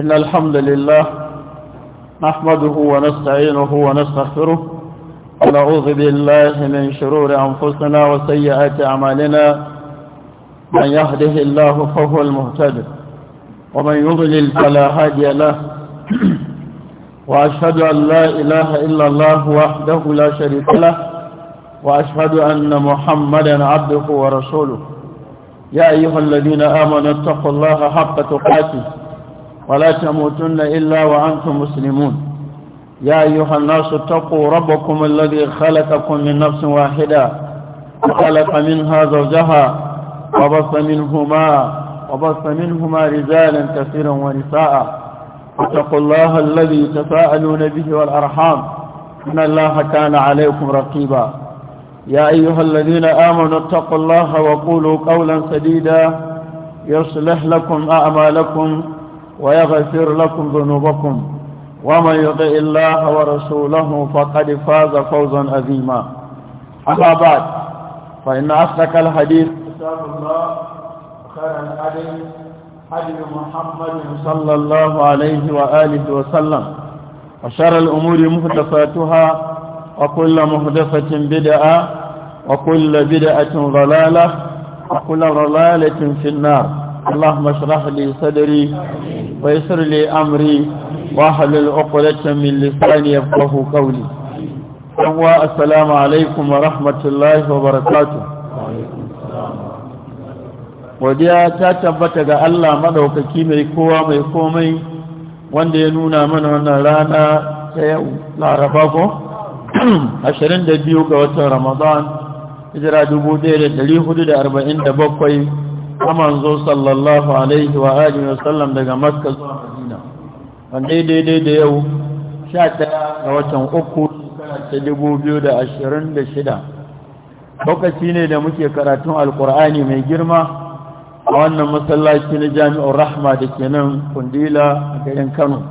إن الحمد لله نحمده ونستعينه ونستغفره ونعوذ بالله من شرور أنفسنا وسيئات أعمالنا من يهده الله فهو المهتد ومن يضلل فلا هادي له وأشهد أن لا إله إلا الله وحده لا شريك له وأشهد أن محمدا عبده ورسوله يا أيها الذين آمنوا اتقوا الله حق تقاته ولا تموتن إلا وأنتم مسلمون يا أيها الناس اتقوا ربكم الذي خلقكم من نفس واحدة وخلق منها زوجها وبص منهما وبص منهما رجالا كثيرا ونساء اتقوا الله الذي تساءلون به والأرحام إن الله كان عليكم رقيبا يا أيها الذين آمنوا اتقوا الله وقولوا قولا سديدا يصلح لكم أعمالكم ويغفر لكم ذنوبكم ومن يطع الله ورسوله فقد فاز فوزا عظيما أما بعد فإن أصدق الحديث كتاب الله خير الحديث حديث محمد صلى الله عليه وآله وسلم وشر الأمور محدثاتها وكل محدثة بدعة وكل بدعة ضلالة وكل ضلالة في النار اللهم اشرح لي صدري ويسر لي أمري واحلل عقدة من لساني يفقه قولي السلام عليكم ورحمة الله وبركاته godiya ta tabbata ga Allah maɗaukaki mai kowa mai komai wanda ya nuna mana wannan rana ta yau laraba ko 22 ga watan ramadan hijira 1447 amanzo zo sallallahu alaihi wa alihi wa sallam daga makka zuwa madina wanda daidai da yau 11 ga watan uku da ashirin shida lokaci ne da muke karatun alkur'ani mai girma a wannan masallaci na jami'ar rahma da ke nan kundila a garin kano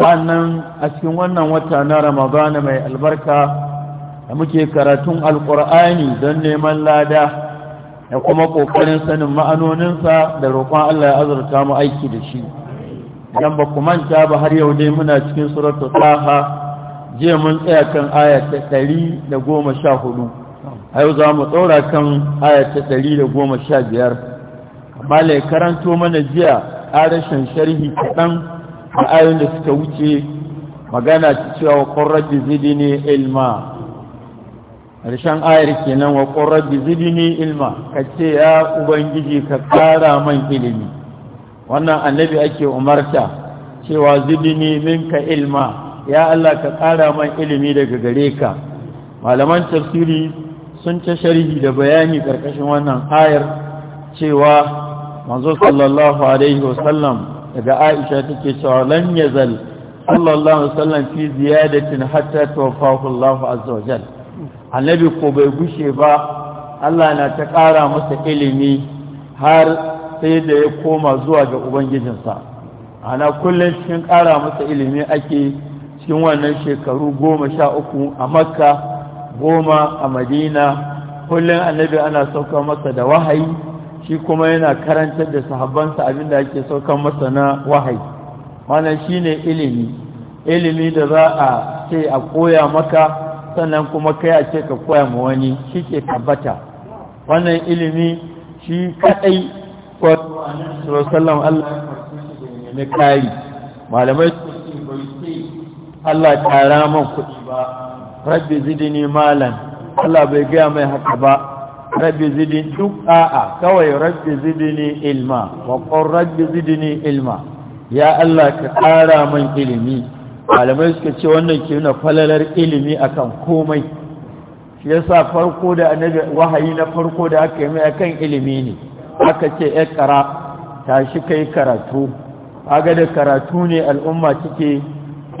wannan a cikin wannan wata na ramadana mai albarka da muke karatun alkur'ani don neman lada da kuma ƙoƙarin sanin ma'anoninsa da roƙon Allah ya azurta mu aiki da shi dan ba ku manta ba har yau dai muna cikin suratu taha jiya mun tsaya kan aya ta 114 a yau za mu tsora kan aya ta da goma sha biyar. amma ya karanto mana jiya ƙarashin sharhi kaɗan a ayon da suka wuce magana ta cewa ƙwararri zidi ne ilma Karshen ayar kenan wa ƙorar zidni ilma ka ce ya ubangiji ka ƙara man ilimi wannan annabi ake umarta cewa zidni minka ilma ya Allah ka ƙara man ilimi daga gare ka malaman tafsiri sun ce sharhi da bayani ƙarƙashin wannan ayar cewa manzo sallallahu alaihi wasallam daga Aisha take cewa lan yazal sallallahu alaihi wasallam fi ziyadatin hatta tawaffahu Allahu azza wa jalla annabi ko bai gushe ba Allah na ta ƙara masa ilimi har sai da ya koma zuwa ga ubangijinsa ana kullum cikin ƙara masa ilimi ake cikin wannan shekaru goma sha uku a makka goma a madina kullum annabi ana sauka masa da wahayi shi kuma yana karantar da sahabbansa abinda ake saukan masa na wahayi wannan shine ilimi ilimi da za a ce a koya maka sannan kuma kai a ce ka koya ma wani shi ke tabbata wannan ilimi shi kaɗai kwato a nan surasallam Allah ya farko shi da kari malamai su ce bai ce Allah tara man kuɗi ba rabbi zidini malam Allah bai gaya mai haka ba rabbi zidin duk a'a kawai rabbi zidini ilma wa qur rabbi zidini ilma ya Allah ka ƙara man ilimi malamai suka ce wannan ke nuna falalar ilimi akan komai shi yasa farko da annabi wahayi na farko da aka yi mai akan ilimi ne aka ce ya kara tashi kai karatu aga da karatu ne al'umma take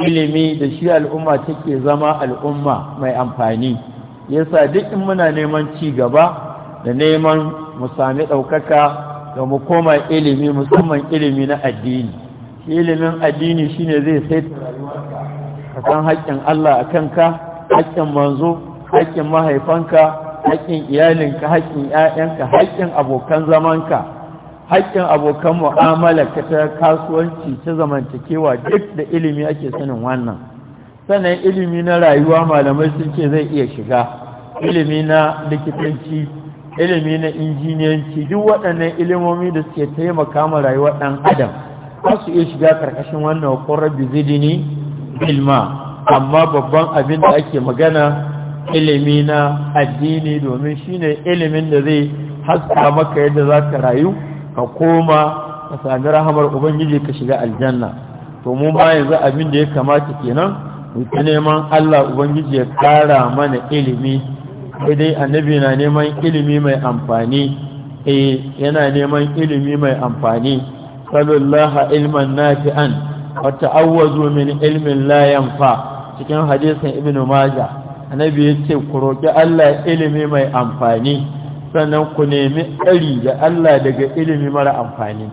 ilimi da shi al'umma take zama al'umma mai amfani yasa duk in muna neman ci gaba da neman mu sami ɗaukaka da mu koma ilimi musamman ilimi na addini ilimin addini shine zai saita rayuwarka ka san haƙƙin Allah a kanka haƙƙin manzo haƙƙin mahaifanka haƙƙin iyalinka haƙƙin ƴaƴanka haƙƙin abokan zamanka haƙƙin abokan mu'amala, ka ta kasuwanci ta zamantakewa duk da ilimi ake sanin wannan sannan ilimi na rayuwa malamai sun ce zai iya shiga ilimi na likitanci ilimi na injiniyanci duk waɗannan ilimomi da suke taimaka ma rayuwar ɗan adam ba su iya shiga karkashin wannan hukurar Zidini ilma amma babban abin da ake magana ilimi na addini domin shine ilimin da zai haska maka yadda za ka rayu ka koma ka sami rahamar ubangiji ka shiga aljanna to mu ma yanzu abin da ya kamata kenan mu ta neman Allah ubangiji ya kara mana ilimi sai dai annabi na neman ilimi mai amfani eh yana neman ilimi mai amfani salullaha ilman nafi'an wa ta'awwazu min ilmin la yanfa cikin hadisin ibnu majah annabi ce ku roƙi Allah ilimi mai amfani sannan ku nemi tsari da Allah daga ilimi mara amfani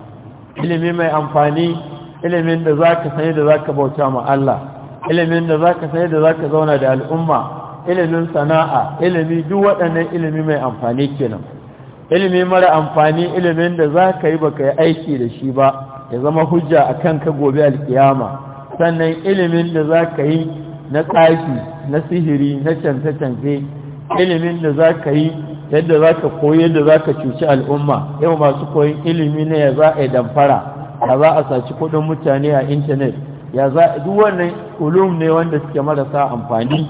ilimi mai amfani ilimin da zaka sani da zaka bauta ma Allah ilimin da zaka sani da zaka zauna da al'umma ilimin sana'a ilimi duk waɗannan ilimi mai amfani kenan ilimi mara amfani ilimin da za ka yi ba ka yi aiki da shi ba ya zama hujja a kan ka gobe alkiyama sannan ilimin da za ka yi na tsafi na sihiri na cance-cance ilimin da za ka yi yadda za ka koyi yadda za ka cuci al'umma yau masu koyin ilimi ne ya za a yi damfara ya za a saci kudin mutane a intanet ya za a duk wannan ulum ne wanda suke marasa amfani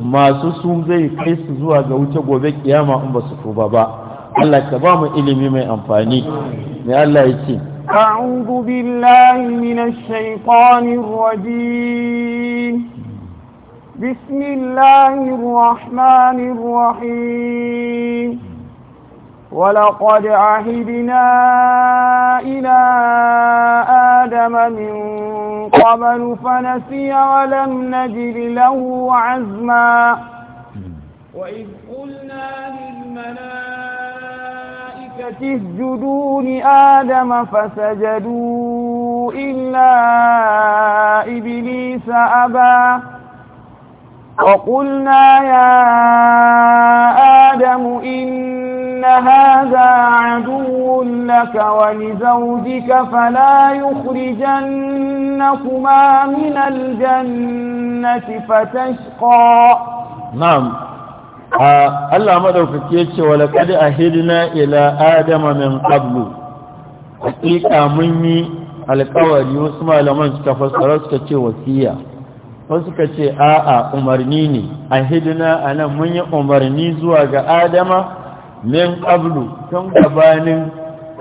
masu su zai kai su zuwa ga wuce gobe kiyama in ba su tuba ba Allah ka ba mu ilimi mai amfani mai Allah ya ce أعوذ بالله من الشيطان الرجيم بسم الله الرحمن الرحيم ولقد عهدنا إلى آدم من قبل فنسي ولم نجد له عزما وإذ قلنا للملائكة تسجدون آدم فسجدوا إلا إبليس أبى وقلنا يا آدم إن هذا عدو لك ولزوجك فلا يخرجنكما من الجنة فتشقى نعم a Allah maɗaukaki ya ce wala a ahidna ila adama min qablu hakika mun yi alƙawari wasu malaman suka fassara suka ce wasiya wasu suka ce a'a umarni ne ahidna anan mun yi umarni zuwa ga adama min qablu tun gabanin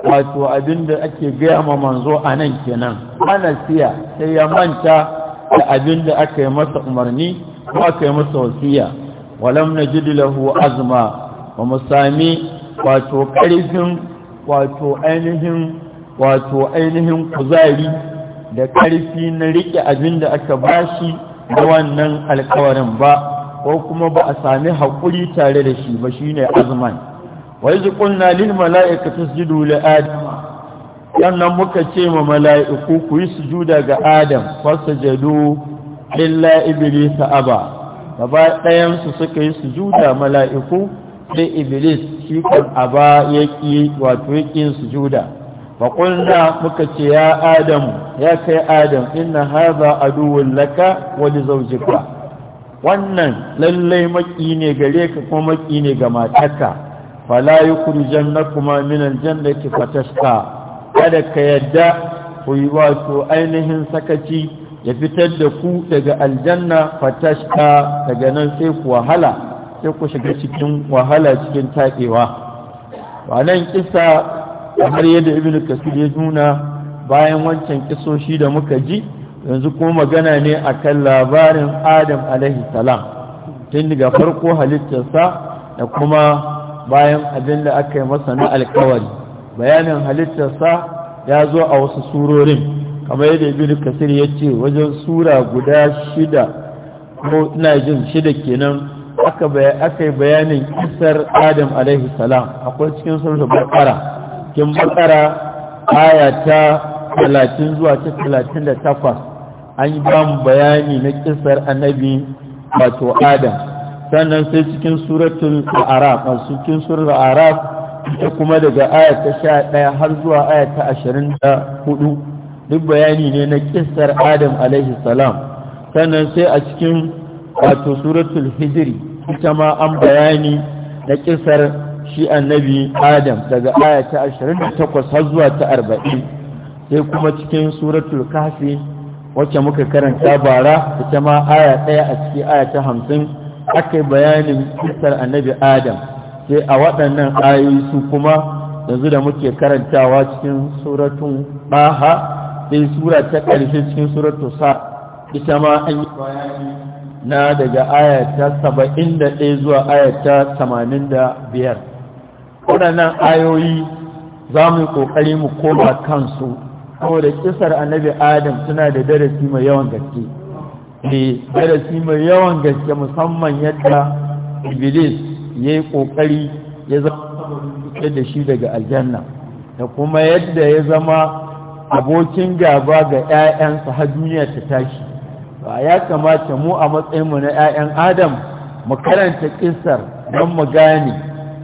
wato abinda ake gaya ma manzo a nan kenan ana siya sai ya manta da abinda aka yi masa umarni ko aka yi masa wasiya walam najid lahu azma wa musami wato karfin wato ainihin wato ainihin kuzari da karfi na rike abinda da aka bashi da wannan alkawarin ba ko kuma ba a sami haƙuri tare da shi ba shine azman wa yi ƙunna lil mala'ikatu tasjudu li adam yannan muka ce ma mala'iku ku yi sujuda ga adam fasajadu illa iblis aba gaba su suka yi su juda mala'iku da iblis shi kan aba ya ƙi wato ya ƙi sujuda faƙulna muka ce ya adam ya kai adam inna haza aduwwun laka wani zaujika wannan lallai maki ne gare ka kuma maki ne ga matarka fala minan jan min aljannati fatashqa kada ka yadda ku yi wato ainihin sakaci ya fitar da ku daga aljanna fatashka daga nan sai ku wahala sai ku shiga cikin wahala cikin taƙewa wannan kisa kamar yadda ibn kasir ya nuna bayan wancan kisoshi da muka ji yanzu kuma magana ne akan labarin adam alaihi salam tun daga farko halittarsa da kuma bayan abin da aka yi masa na alkawari bayanin halittarsa ya zo a wasu surorin kamar yadda ibn kasir ya ce wajen sura guda shida ko ina jin shida kenan aka yi bayanin kisar adam alaihi salam akwai cikin surat bakara cikin bakara aya ta talatin zuwa ta talatin da takwas an yi bamu bayani na kisar annabi wato adam sannan sai cikin suratul araf a cikin suratul araf ita kuma daga aya ta sha ɗaya har zuwa aya ta ashirin duk bayani ne na kisar adam alaihi salam sannan sai a cikin wato suratul hijiri ita ma an bayani na kissar shi annabi adam daga aya ta 28 har zuwa ta 40 sai kuma cikin suratul kafi wacce muka karanta bara ita ma aya ɗaya a ciki aya ta 50 aka bayanin kissar annabi adam sai a waɗannan ayoyi su kuma yanzu da muke karantawa cikin suratun ɗaha sai sura ta ƙarshe cikin suratu sa ita ma an yi na daga ayata saba'in da ɗaya zuwa ayata tamanin da biyar waɗannan ayoyi za mu yi ƙoƙari mu koma kansu saboda kisar annabi adam suna da darasi mai yawan gaske ne eh, darasi mai yawan gaske musamman yadda iblis ya yi ƙoƙari ya zama da shi daga aljanna da kuma yadda ya zama abokin gaba ga 'ya'yansa har duniya ta tashi ba ya kamata mu a matsayinmu na 'ya'yan adam mu karanta ƙisar don mu gane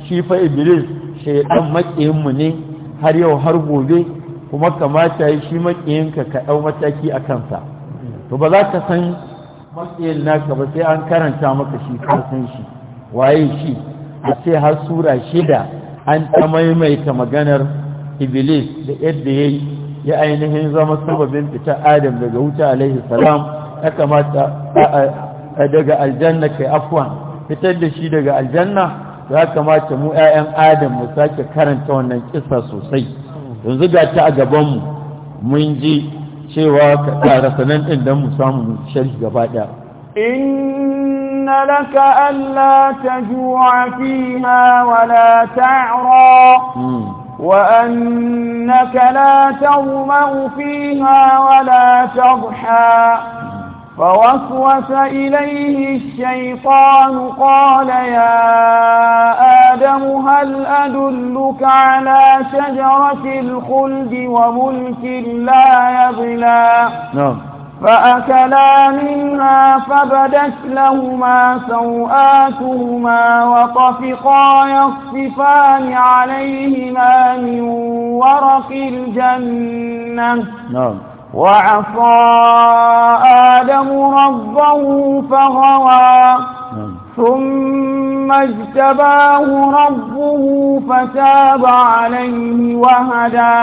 shi fa iblis shaidan maƙiyinmu ne har yau har gobe kuma kamata ya shi maƙiyinka ka ɗau mataki a kansa to ba za ka san maƙiyin naka ba sai an karanta maka shi ka san shi waye shi a ce har sura shida an ta maimaita maganar iblis da yadda ya yi ya ainihin zama sababin fitar adam daga wuta alaihi salam ya kamata daga aljanna kai afwan fitar da shi daga aljanna ya kamata mu 'ya'yan adam mu sake karanta wannan kisa sosai yanzu ga ta a gabanmu mun ji cewa ka tsara sanan ɗin don mu samu sharhi gaba ɗaya إن لك ألا تجوع فيها ولا تعرى وأنك لا تظمأ فيها ولا تضحى فوسوس إليه الشيطان قال يا آدم هل أدلك على شجرة الخلد وملك لا يظلى نعم فأكلا منها فبدت لهما سوآتهما وطفقا يصفان عليهما من ورق الجنة نعم وعصى آدم ربه فغوى ثم اجتباه ربه فتاب عليه وهدى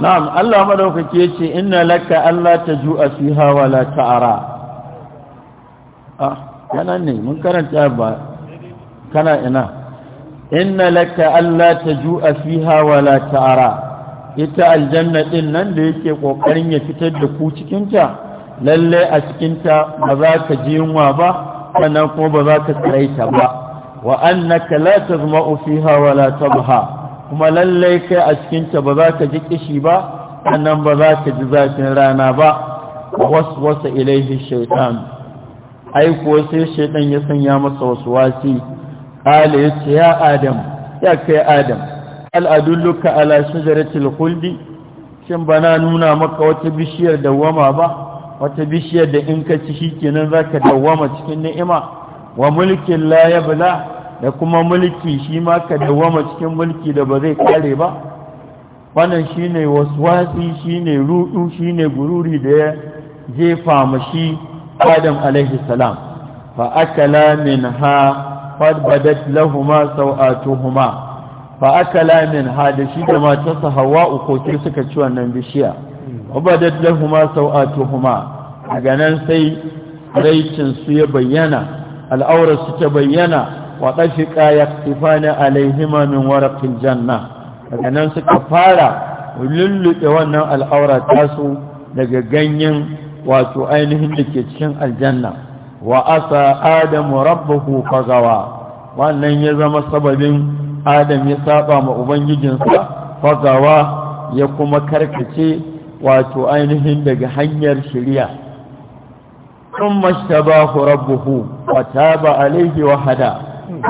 نعم الله مدوكك يتي إن لك ألا تجوء فيها ولا تعرى أه أنا أني من كانت أبا كان إنا إن لك ألا تجوء فيها ولا تعرى ita aljanna din nan da yake kokarin ya fitar da ku cikinta lalle a cikinta ba za ka ji yunwa ba sannan kuma ba za ka ta ba wa annaka la tazma'u fiha wa la tabha kuma lallai kai a cikin ta ba za ka ji kishi ba sannan ba za ka ji zafin rana ba waswasa ilaihi shaytan ai ko sai shaytan ya sanya masa waswasi qala yace ya adam ya kai adam al adulluka ala shajaratil khuldi shin bana nuna maka wata bishiyar dawama ba wata bishiyar da in ka ci shi kenan za ka dawwama cikin ni'ima wa mulkin la yabla da kuma mulki shi ma ka dawwama cikin mulki da ba zai kare ba wannan shine waswasi shine rudu shine gururi da ya jefa mashi Adam alaihi salam fa akala minha qad badat lahumu sawatuhuma fa akala minha da shi da matarsa Hawwa ko suka ci wannan bishiya wabadat lahuma sau'atuhuma daga nan sai raicin su ya bayyana al'aurar su ta bayyana wa dafiqa yaqtifana alaihima min warqil janna daga nan suka fara lullube wannan al'aura tasu daga ganyen wato ainihin da ke cikin aljanna wa asa adamu rabbahu fagawa wannan ya zama sababin adam ya saba ma ubangijinsa fagawa ya kuma karkace wato ainihin daga hanyar shirya sun mashtaba ku rabbuhu wa taba alaihi wa hada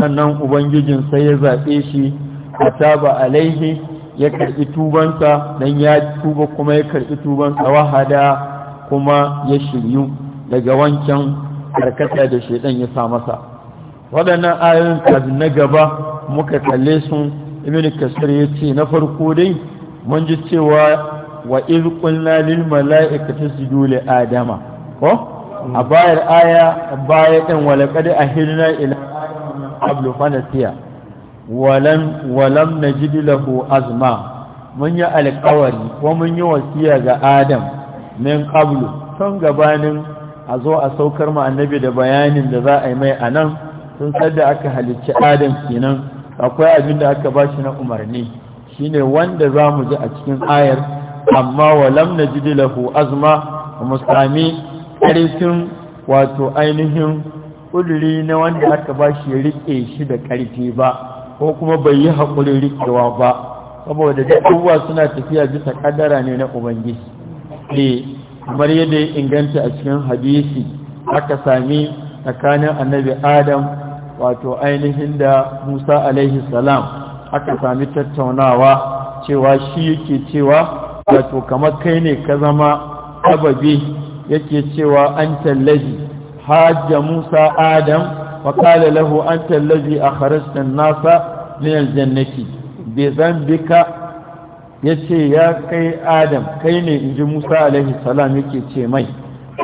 sannan ubangijin sai ya zaɓe shi wa taba alaihi ya karɓi tubansa don ya tuba kuma ya karɓi tubansa Wahada kuma ya shiryu daga wancan karkata da shaidan ya sa masa waɗannan ayoyin kafin na gaba muka kalle sun, imini kasar ya ce na farko dai mun ji cewa wa iz qulna lil mala'ikati isjudu li adama ko a bayar aya baya din walaqad ahilna ila adama min qablu fanasiya walam walam najid lahu azma mun yi alƙawari ko mun yi wasiya ga adam min qablu tun gabanin a zo a saukar ma annabi da bayanin da za a yi mai anan sun sadda aka halicci adam kenan akwai abin da aka bashi na umarni shine wanda za mu ji a cikin ayar amma walam na ji lahu azma mu sami ƙarfin wato ainihin ƙuduri na wanda aka ba shi ya riƙe shi da ƙarfi ba ko kuma bai yi haƙurin riƙewa ba saboda da suna tafiya bisa ƙadara ne na ubangiji ne eh, kamar yadda ya inganta a cikin hadisi aka sami tsakanin annabi adam wato ainihin da musa alaihi salam aka sami tattaunawa cewa shi yake cewa wato kamar kai ne ka zama sababi yake cewa an tallazi hajja musa adam wa kala lahu an tallazi a kharistan nasa min aljannati bi zambika yace ya kai adam kai ne in ji musa alaihi salam yake ce mai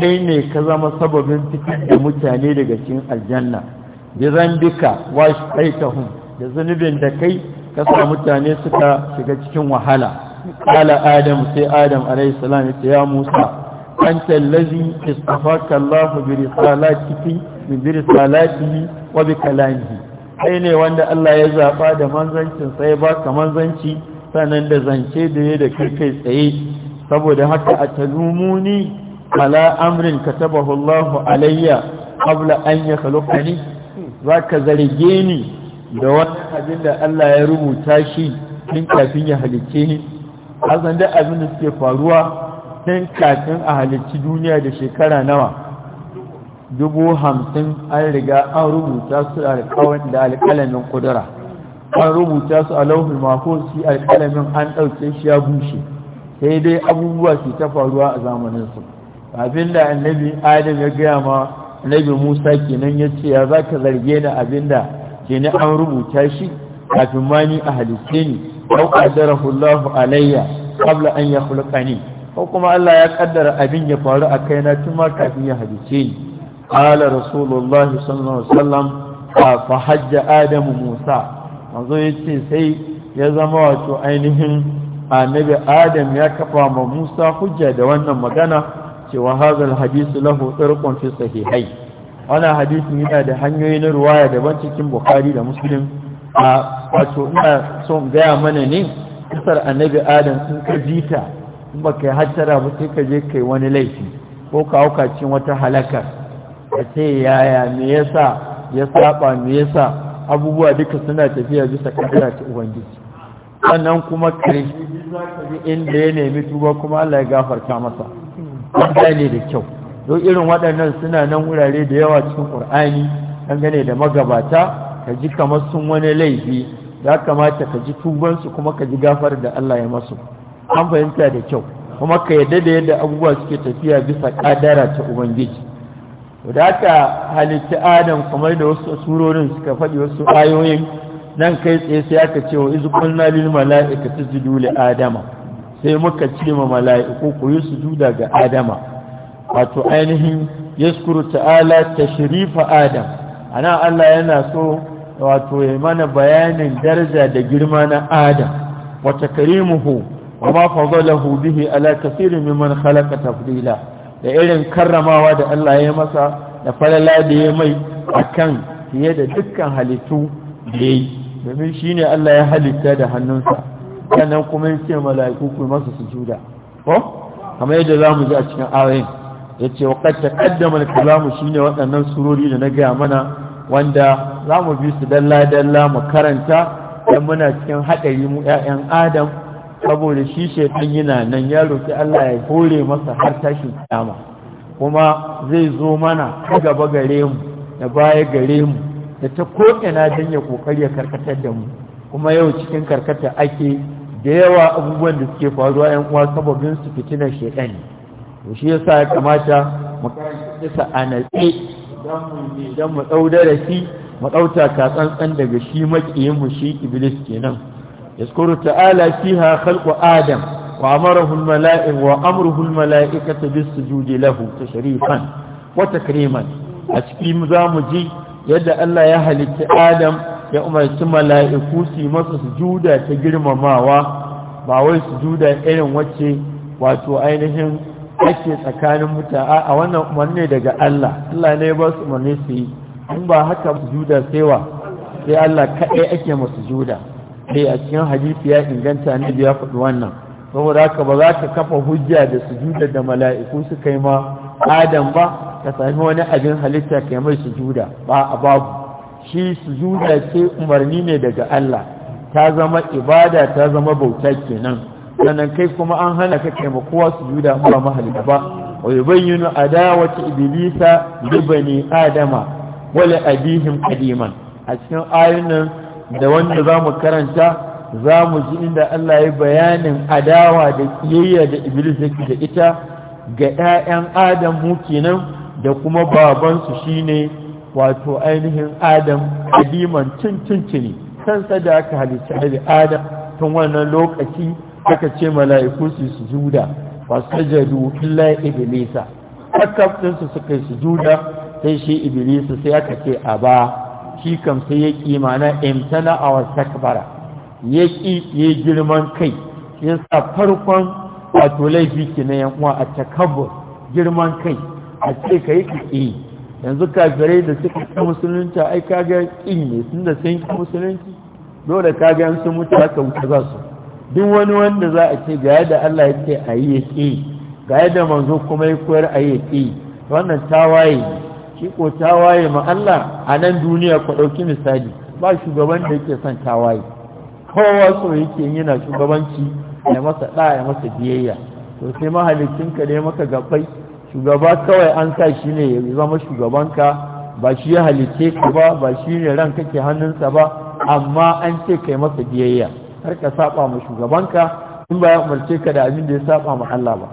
kai ne ka zama sababin fitar da mutane daga cikin aljanna bi zambika wa shaitahum da zunubin da kai ka sa mutane suka shiga cikin wahala kala adam sai adam alaihissalam ya ce ya musa an tallazi istafaka allahu bi risalatihi wa bi kai ne wanda Allah ya zaɓa da manzancin sai ba ka manzanci sannan da zance da ya da kai tsaye saboda haka a talumuni ala amrin taba Allahu alayya qabla an Za zaka zarge ni da wani abin da Allah ya rubuta shi tun kafin ya halice ni hasan da abin da suke faruwa tun kafin a halicci duniya da shekara nawa dubu hamsin an riga an rubuta su da alƙalamin ƙudura an rubuta su a lauhin mako su alƙalamin an ɗauke shi ya bushe sai dai abubuwa su ta faruwa a zamaninsu abin da annabi adam ya gaya ma annabi musa kenan ya ce ya za ka zarge ni abin da ke an rubuta shi kafin ma ni a halicce ne. ko qaddarahu Allah alayya qabla an yakhluqani ko kuma Allah ya kaddara abin ya faru a kaina tun ma kafin ya hadice ni Ala rasulullahi sallallahu alaihi wasallam fa hajja adamu musa manzo yace sai ya zama wato ainihin annabi adam ya kafa ma musa hujja da wannan magana cewa hadal hadisi lahu tsirkon fi sahihai wannan hadisin yana da hanyoyi na ruwaya daban cikin bukhari da muslim a wato ina son gaya mana ne kasar annabi adam sun ka jita in ba kai hattara ba sai ka je kai wani laifi ko ka hauka cikin wata halakar ka ce yaya me yasa ya saba me yasa abubuwa duka suna tafiya bisa kaddara ta ubangiji sannan kuma kare inda ya nemi tuba kuma Allah ya gafarta masa ne da kyau don irin waɗannan suna nan wurare da yawa cikin ƙur'ani dangane da magabata ka ji kamar sun wani laifi ya kamata ka ji tubansu kuma ka ji gafar da Allah ya masu an fahimta da kyau kuma ka yadda da yadda abubuwa suke tafiya bisa kadara ta ubangiji da haka halitta adam kamar da wasu surorin suka faɗi wasu ayoyin nan kai tsaye sai aka ce wa izu kulna lil mala'ikati sujudu li adama sai muka ce ma mala'iku ku yi sujuda ga adama wato ainihin yaskuru ta'ala ta shirifa adam ana Allah yana so wato ya mana bayanin daraja da girma na adam wa takrimuhu wa ma fadalahu bihi ala kathiri mimman khalaqa tafdila da irin karramawa da Allah ya masa da falala da ya mai akan fiye da dukkan halittu da yi domin shine Allah ya halitta da hannunsa sannan kuma ya ce mala'iku ku masa sujuda ko kamar yadda zamu ji a cikin ayoyi ya ce wa kacce kaddamar kalamu shi ne waɗannan surori da na gaya mana wanda za mu bi su dalla-dalla mu karanta don muna cikin haɗari mu 'ya'yan adam saboda shi shaitan yana nan ya roƙi Allah ya hore masa har tashin kyama kuma zai zo mana ta gaba gare mu da baya gare mu da ta ko'ina don ya ƙoƙari ya karkatar da mu kuma yau cikin karkata ake da yawa abubuwan da suke faruwa yan uwa saboda su fitinar shaitan ne to shi yasa ya kamata mu karanta kisa a natse don mu don mu dau darasi mu dauta ka tsantsan daga shi makiyin mu shi iblis kenan yaskuru ta'ala fiha khalqu adam wa amarahu al wa amruhu al-mala'ikatu sujudi lahu tashrifan wa takriman a cikin mu ji yadda Allah ya halitta adam ya umarci mala'iku su masa sujuda ta girmamawa ba wai sujuda irin wacce wato ainihin ake tsakanin mutane a wannan umarni daga Allah Allah ne ba su umarni su yi in ba haka juda saiwa sai Allah kaɗai ake masu juda sai eh, a cikin hadisi ya inganta ne ya faɗi wannan saboda haka ba za ka kafa hujja da su juda da mala'iku su kai ma adam ba ka sami wani abin halitta kai mai mai sujuda ba a babu shi su juda ce umarni ne daga Allah ta zama ibada ta zama bauta kenan sannan kai kuma an hana ka kai kowa su juda ba mahalita ba wa bayyana adawa iblisa Ibilisa libani adama wala abihim qadiman a cikin ayunan da wanda zamu karanta zamu ji inda Allah ya bayanin adawa da kiyayya da iblis yake da ita ga 'ya'yan adam mu kenan da kuma babansu shine wato ainihin adam qadiman cin cin tuni kansa da aka halitta adam tun wannan lokaci aka ce mala'iku su sujuda fa sajadu illa iblisa kakaf din su suka su sujuda sai shi iblisa sai aka ce aba shi kam sai ya ki mana imtana aw takbara ya ki ya girman kai sa farkon wato laifi na yan uwa a takabbur girman kai a ce kai ki yanzu kafirai da suka ta musulunta ai kaga kin ne tunda sun ki musulunci dole kaga an sun mutu haka wuta za su duk wani wanda za a ce ga yadda Allah ya ce a yi ya ƙi ga yadda manzo kuma ya koyar a yi ya ƙi wannan tawaye shi ko tawaye ma Allah a nan duniya ku ɗauki misali ba shugaban da yake son tawaye kowa so yake yana shugabanci ya masa ɗa ya masa biyayya to sai ka ne maka gabai shugaba kawai an sa shi ne ya zama shugabanka ba shi ya halice ka ba ba shi ne ran kake hannunsa ba amma an ce kai masa biyayya karka saba ma shugabanka in ba ya umarce ka da abin da ya saba ma Allah ba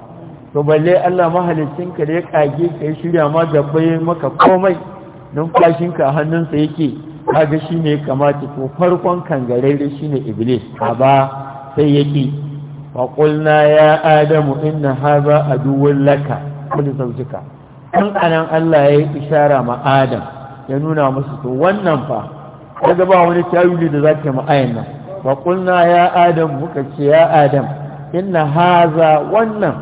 to balle Allah mahalicin ka da ya kage ka ya shirya ma dabbai maka komai numfashin ka hannunsa yake kaga shine ya kamata ko farkon kangarere shine iblis ba sai yake wa qulna ya adamu inna hadha aduwwun laka kullu zawjika an anan Allah ya yi ishara ma adam ya nuna musu to wannan fa daga ba wani tawili da zaka ma ayan wa ya adam muka ce ya adam inna haza wannan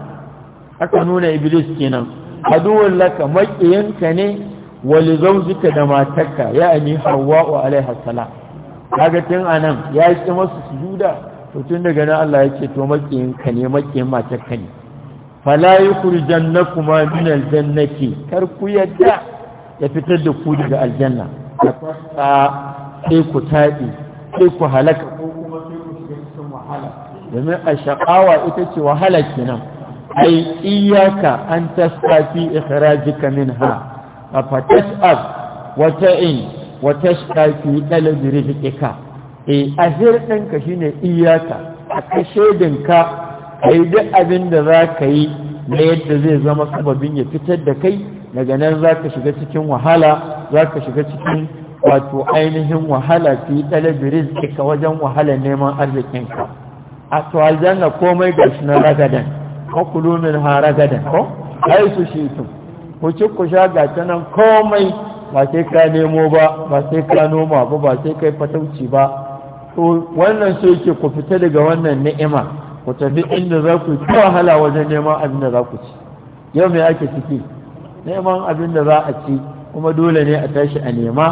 aka nuna iblis kenan aduwwan laka maƙiyanka ne wa da zawjika da matarka ya'ani hawwa alaiha sala. kaga tun anan ya yi masu sujuda to tun daga nan Allah ya ce to maƙiyanka ne maƙiyan matarka ne fala yukhrijannakuma min aljannati kar ku yadda ya fitar da ku daga aljanna ka sai ku taɗi sai ku halaka domin a shaƙawa ita ce wahala kenan ai iyaka an tasfafi ikhrajika minha eh, a fatas'ab wata in wata shafi ɗalabi rifika e a hirɗinka shi ne iyaka a kashedinka ka yi duk abin da za ka yi na yadda zai zama sababin ya fitar da kai daga nan za ka shiga cikin wahala za ka shiga cikin wato ainihin wahala fi ɗalabi rifika wajen wahalar neman arzikinka a aljanna komai da shi na ragadan ko kulu min ha ragadan ko ai su shi su ku ci ku sha ga ta nan komai ba sai ka nemo ba ba sai ka noma ba ba sai kai fatauci ba to wannan sai yake ku fita daga wannan ni'ima ku tafi inda za ku ta wahala wajen neman abin da za ku ci yau mai ake ciki neman abin da za a ci kuma dole ne a tashi a nema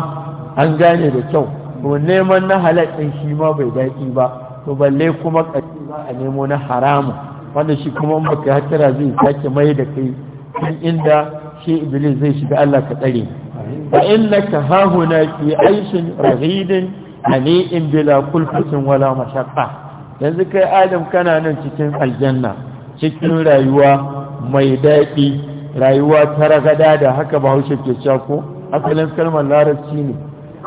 an gane da kyau kuma neman na halal ɗin shi ma bai daɗi ba to balle kuma ƙarfi za a nemo na haramu wanda shi kuma in baka hatara zai sake mai da kai tun inda shi iblis zai shiga Allah ka tsare fa innaka hahuna fi aishin raghidin hani'in bila kulfatin wala mashaqqa yanzu kai adam kana nan cikin aljanna cikin rayuwa mai daɗi rayuwa ta ragada da haka bahaushe ke cewa ko asalin kalmar larabci ne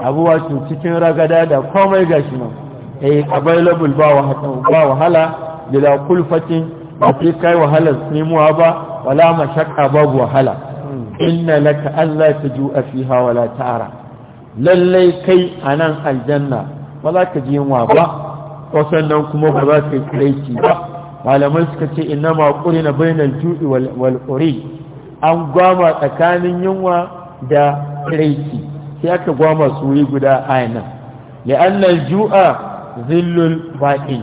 abuwa cikin ragada da komai gashi nan eh available ba wahala bila kulfatin ba sai kai wahalar nemuwa ba wala mashaka babu wahala inna laka alla tajua fiha wala ta'ara lallai kai anan aljanna ba za ka ji yunwa ba Wasannan kuma ba za ka yi kiraici ba malamai suka ce ina ma na bainal ju'i wal an gwama tsakanin yunwa da kiraici sai aka gwama su wuri guda ayyana la'anna al-ju'a zillul baƙi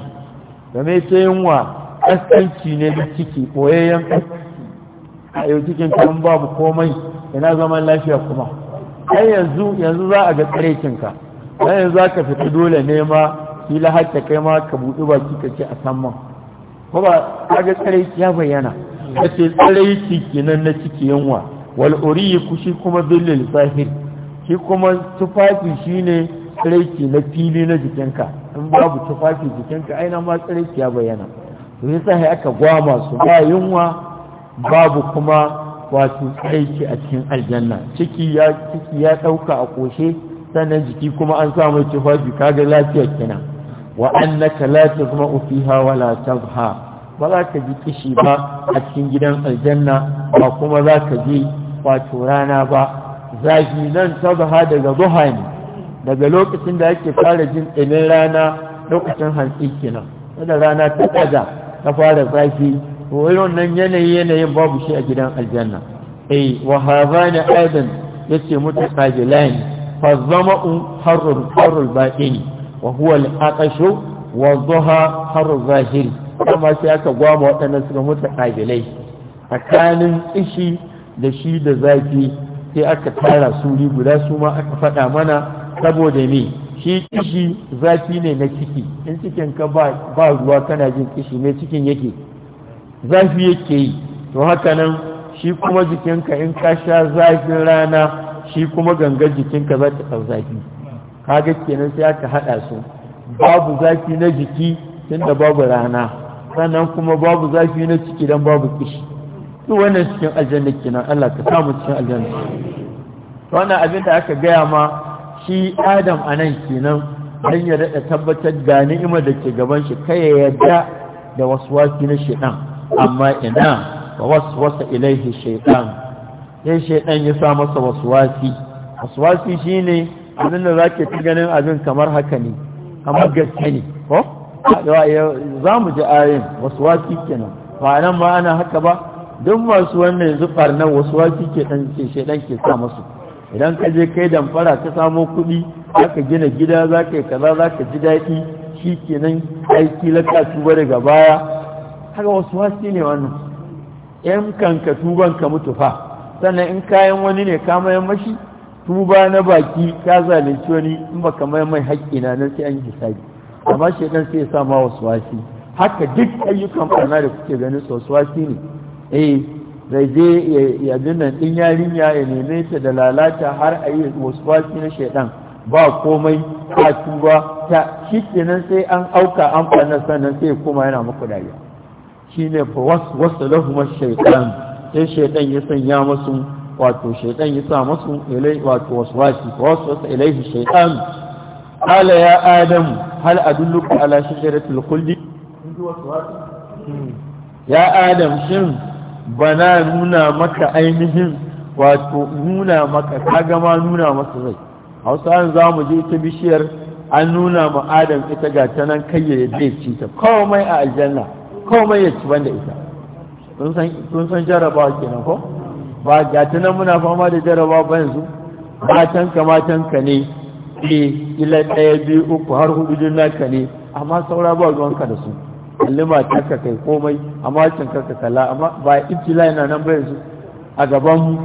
game ta yunwa ƙasƙanci ne da ciki ɓoyayyen ƙasƙanci a yau cikin kan babu komai ina zaman lafiya kuma ai yanzu yanzu za a ga tsarecinka dan yanzu za ka fita dole ne ma har ta kai ma ka buɗi baki ka ce a san man ko ba ka ga tsareki ya bayyana ka ce tsareci na ciki yunwa wal uriyiku shi kuma zillul zahir shi kuma tufafi shine tsareki na fili na jikinka in babu tufafi jikinka aina ma ya bayyana to yasa ya aka gwama su ba yunwa babu kuma wato aiki a cikin aljanna ciki ya ciki ya dauka a koshe sannan jiki kuma an samu tufafi kaga lafiya kenan wa annaka la tazma'u fiha wa la tazha ba za ka ji kishi ba a cikin gidan aljanna ba kuma za ka ji wato rana ba zafi nan tazha daga zuha ne daga lokacin da yake fara jin ɗanin rana lokacin hantsi kenan wadda rana ta ɗaga ta fara zafi wurin nan yanayi yanayin babu shi a gidan aljanna eh wa hazani aidan yace mutaqabilan fa zama'u harrul harrul baqini wa huwa al wa dhuha harrul zahiri kuma sai aka gwama waɗannan suka mutaqabilai tsakanin ishi da shi da zafi sai aka tara suri guda su ma aka faɗa mana saboda me shi kishi zafi ne na ciki in cikin ka ba ruwa kana jin kishi mai cikin yake zafi yake yi to haka nan shi kuma jikinka in ka sha zafin rana shi kuma gangar jikinka za ta zafi kaga kenan sai aka haɗa su babu zafi na jiki tunda babu rana sannan kuma babu zafi na ciki dan babu kishi to wannan cikin aljanna kenan Allah ka samu cikin aljanna wannan abin da aka gaya ma shi adam a nan kenan don ya daɗa tabbatar ga ni'imar da ke gaban shi kai ya yarda da waswasi na shaidan amma ina wasu waswasa ilaihi shaidan sai shaidan ya sa masa wasu wasu waswasi waswasi shine abin da zake ta ganin abin kamar haka ne kamar gaske ne ko za mu ji ayin waswasi kenan ba nan ma ana haka ba duk masu wannan yanzu barnar waswasi ke dan ke shaidan ke sa masu idan ka je kai damfara ka samo kuɗi za ka gina gida za ka yi kaza za ka ji daɗi shi ke nan aiki laka tuba daga baya haka wasu wasi ne wannan yan kanka tuban ka mutu fa sannan in kayan wani ne ka mayan mashi tuba na baki ka zalunci wani in ba ka mayan mai haƙƙi na na sai an yi hisabi amma ɗan sai ya sa ma wasu wasi haka duk ayyukan ɓarna da kuke ganin su wasu wasi ne eh zai je ya nan ɗin yarinya ya neme ta da lalata har a yi wasu na shaidan ba komai a tuba ta shi kenan sai an auka an fana sannan sai kuma yana muku dariya shi ne wasu lahumar shaidan sai shaidan ya sanya masu wato shaidan ya sa masu ilai wato wasu wasi wasu wasu ilaihi shaidan ala ya adam hal adulluka ala shajaratul khuldi hmm. ya adam shin bana nuna maka ainihin wato nuna maka kaga ma nuna maka zai hausa za mu je ta bishiyar an nuna ma adam ita ga ta nan kai ya zai ci ta komai a aljanna komai ya ci banda ita sun san jarabawa kenan ko ba ga ta nan muna fama da jarabawa ba yanzu matanka ka ne ne eh, ila ɗaya biyu uku har hudu naka ne amma saura ba ruwanka da su kalli ta kai komai amma can karka kala. amma ba ibtila yana nan ba yanzu a gaban mu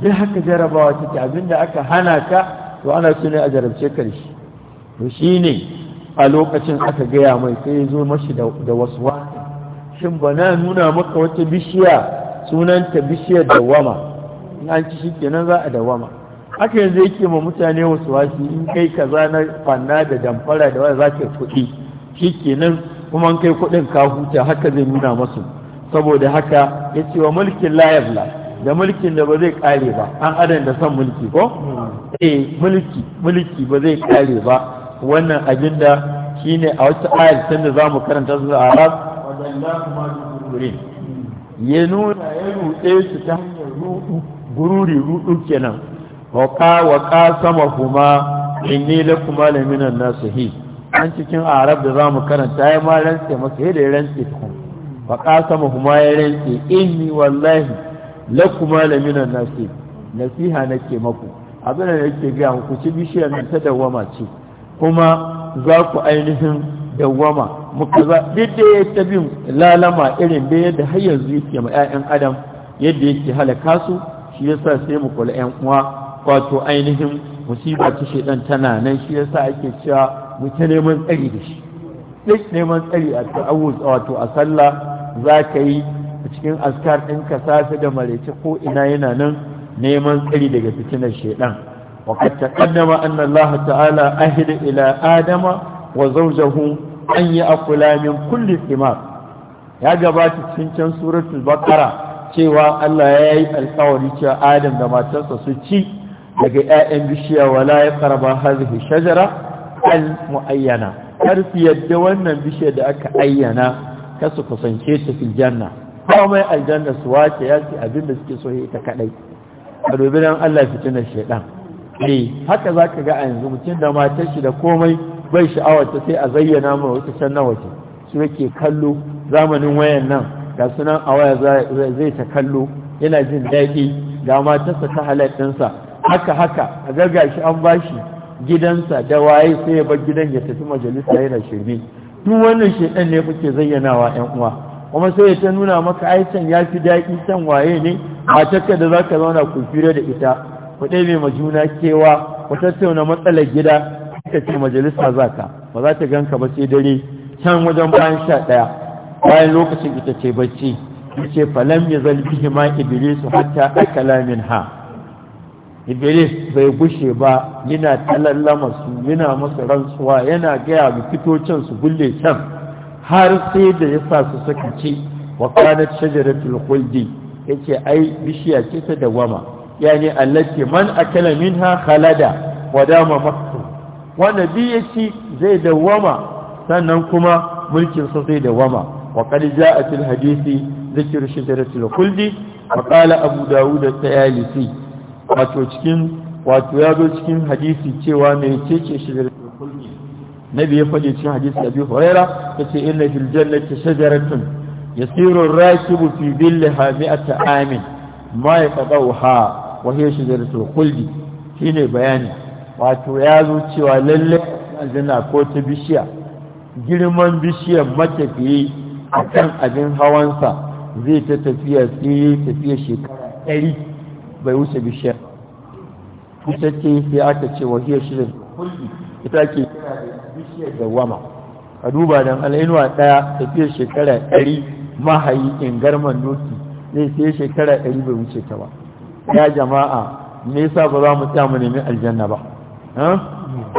duk haka jarabawa take abinda aka hana ka to ana so ne a jarabce ka shi to shine a lokacin aka gaya mai sai ya zo mashi da wasu waswa shin ba na nuna maka wata bishiya sunanta bishiyar dawama in an ci shi kenan za a dawama haka yanzu yake ma mutane wasu wasi in kai kaza na fanna da damfara da wani za ka kuɗi shi kenan kuma an kai kuɗin ka huta haka zai nuna masu saboda haka ya ce wa mulkin la da mulkin da ba zai ƙare ba an adam da son mulki ko eh mulki mulki ba zai ƙare ba wannan abin da ne a wata ayar can da zamu karanta su a ras ya nuna ya rute su ta hanyar rudu gururi rudu kenan wa ka wa ka sama kuma inni lakuma laminan nasihin an cikin arab da za mu karanta ya ma rantse maka yadda ya rantse ku. fa ma kuma ya rantse inni wallahi lakuma na nasib nasiha nake maku abin da yake gaya ku ci bishiyar nan ta dawama ce kuma za ku ainihin dawwama muka za duk da ya ta bin lalama irin da yadda har yanzu yake ma 'ya'yan adam yadda yake halaka su shi yasa sai mu kula 'yan uwa wato ainihin musiba ta shedan tana nan shi yasa ake cewa mu ta neman tsari da shi duk neman tsari a ta'awuz wato a sallah za ka yi a cikin askar ka safe da maraice ko ina yana nan neman tsari daga fitinar shaidan wa qad taqaddama anna Allah ta'ala ahida ila adama wa zawjahu an ya'kula min kulli thimar ya gabata cikin can suratul baqara cewa Allah ya yi alƙawari cewa Adam da matarsa su ci daga 'ya'yan bishiya wala ya qaraba hadhihi shajara al-mu'ayyana kar yadda wannan bishiyar da aka ayyana ka su kusance ta fil janna komai aljanna su wace ya ce abin da suke so ita kadai a dubi dan Allah fitinar shaidan eh haka zaka ga a yanzu mutum da matar shi da komai bai sha'awar ta sai a zayyana mai wata can na waje su yake kallo zamanin wayan nan ga sunan a waya zai ta kallo yana jin daɗi ga matarsa ta halattinsa haka haka a gargashi an bashi gidansa da waye sai ya bar gidan ya tafi majalisa yana shirme duk wannan shedan ne muke zayyanawa ƴan uwa kuma sai ya ta nuna maka ai ya fi daɗi san waye ne matarka da zaka zauna ku fira da ita ku dai ma juna kewa ku tattauna matsalar gida ka ce majalisa zaka ka ba za ta ganka ba sai dare can wajen bayan sha ɗaya bayan lokacin ita ce bacci ce falam ya zalbi hima iblisu hatta akala min ha iblis bai gushe ba yana talallama su yana masa rantsuwa yana gaya mu fitocin su gulle can har sai da ya sa su suka ce wa kanat shajaratul khuldi yace ai bishiya ce ta dawama yani allati man akala minha khalada wa dama maktu wannan bi yace zai dawama sannan kuma mulkin sa zai dawama wa qad ja'atil hadisi dhikru shajaratul khuldi wa qala abu dawud at-tayalisi wato cikin wato ya zo cikin hadisi cewa mai cece shajarar kulmi nabi ya faɗi cikin hadisi abi huraira yace inna fil jannati shajaratun yasiru ar-rakibu fi dhillaha mi'ata amin ma yaqawha wa hiya shajaratul khuldi shine bayani wato ya zo cewa lalle aljanna ko ta bishiya girman bishiyar matafiyi akan abin hawansa zai ta tafiya tafiya shekara ɗari bai wuce bishiyar ita ce aka ce wahiyar shirin kulli ita ke kira da bishiyar da wama. a duba don al'inuwa ɗaya tafiyar shekara ɗari mahayi in garman doki zai sai shekara ɗari bai wuce ta ba ya jama'a me yasa ba za mu tsaya mu nemi aljanna ba a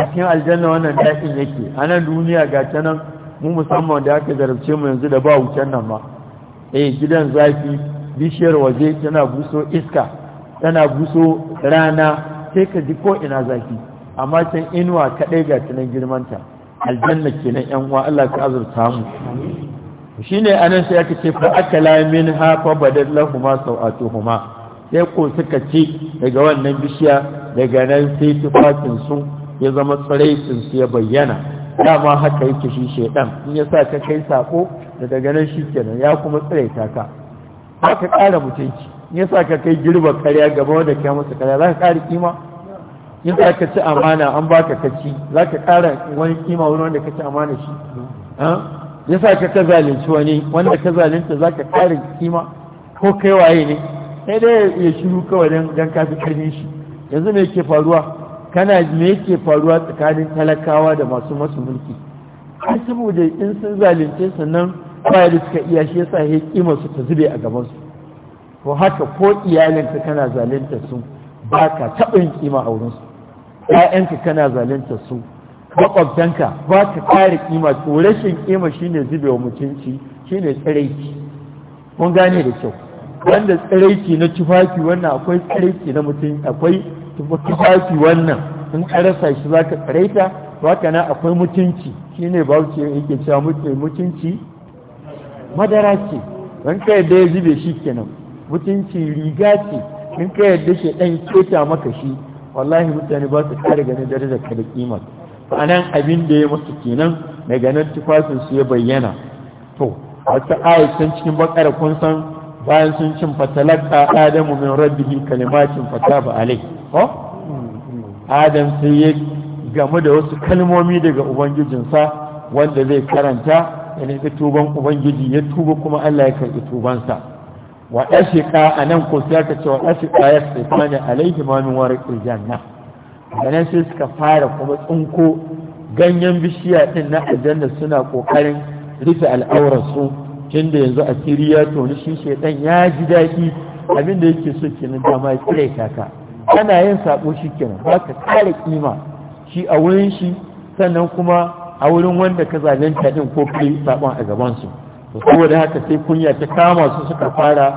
cikin aljanna wannan dakin yake a nan duniya ga ta nan mu musamman da aka zarafce mu yanzu da ba wucen nan ma eh gidan zafi bishiyar waje tana buso iska tana buso rana sai ka ji ko ina zafi amma can inuwa kaɗai ga tunan girmanta aljanna kenan yan uwa Allah ka azurta mu Shi ne a nan sai aka ce fa aka lamin ha fa sau a tuhuma, sai ko suka ci daga wannan bishiya daga nan sai tufafin su ya zama sun su ya bayyana dama haka yake shi shaidan in ya sa ka kai sako da daga nan shi kenan ya kuma tsiraita ka haka ƙara mutunci yasa ka kai girba karya gaba wanda ka masa karya za ka kari kima za ka ci amana an baka kaci za ka kara wani kima wani wanda ka ci amana shi yasa ka ka zalunci wani wanda ka zalunta za ka kara kima ko kai waye ne sai dai ya shiru kawai don don ka fi shi yanzu me yake faruwa kana me yake faruwa tsakanin talakawa da masu masu mulki har saboda in sun zalunce sannan ba da suka iya shi yasa ya kima su ta zube a gaban su to haka ko iyalinka kana zalunta su ba ka taɓa yin kima a wurinsu ƴaƴanka kana zalunta su maƙwabtanka ba ka kare kima to rashin kima shine zubewa mutunci shine tsiraici kun gane da kyau wanda tsiraici na tufafi wannan akwai tsiraici na mutum akwai tufafi wannan in ka rasa shi za ka tsiraita ka na akwai mutunci shine ba ce yake cewa mutunci madara ce don kai da ya zube shi kenan mutunci riga ce in ka yadda ke ɗan keta maka shi wallahi mutane ba su kare ganin darajar ka da kima anan nan abin da ya musu kenan na ganin tufafin su ya bayyana to wata ayatan cikin bakara kun san bayan sun cin fatalaka adamu min rabbihi kalimatin fataba alai ko adam sai ya gamu da wasu kalmomi daga ubangijinsa wanda zai karanta yana ne tuban ubangiji ya tuba kuma Allah ya karɓi tubansa wa ashiqa anan ko sai ka ce wa ashiqa ya tsifani alaihi ma min warqil janna dan sai suka fara kuma tsinko ganyen bishiya din na aljanna suna kokarin rufe al'aurar su tunda yanzu asiri ya toni shi shedan ya ji daki abin da yake so kenan dama ya tsire kaka kana yin sako shi kenan haka kare kima shi a wurin shi sannan kuma a wurin wanda ka zalunta din ko kai sakon a gaban su saboda haka sai kunya ta kama su suka fara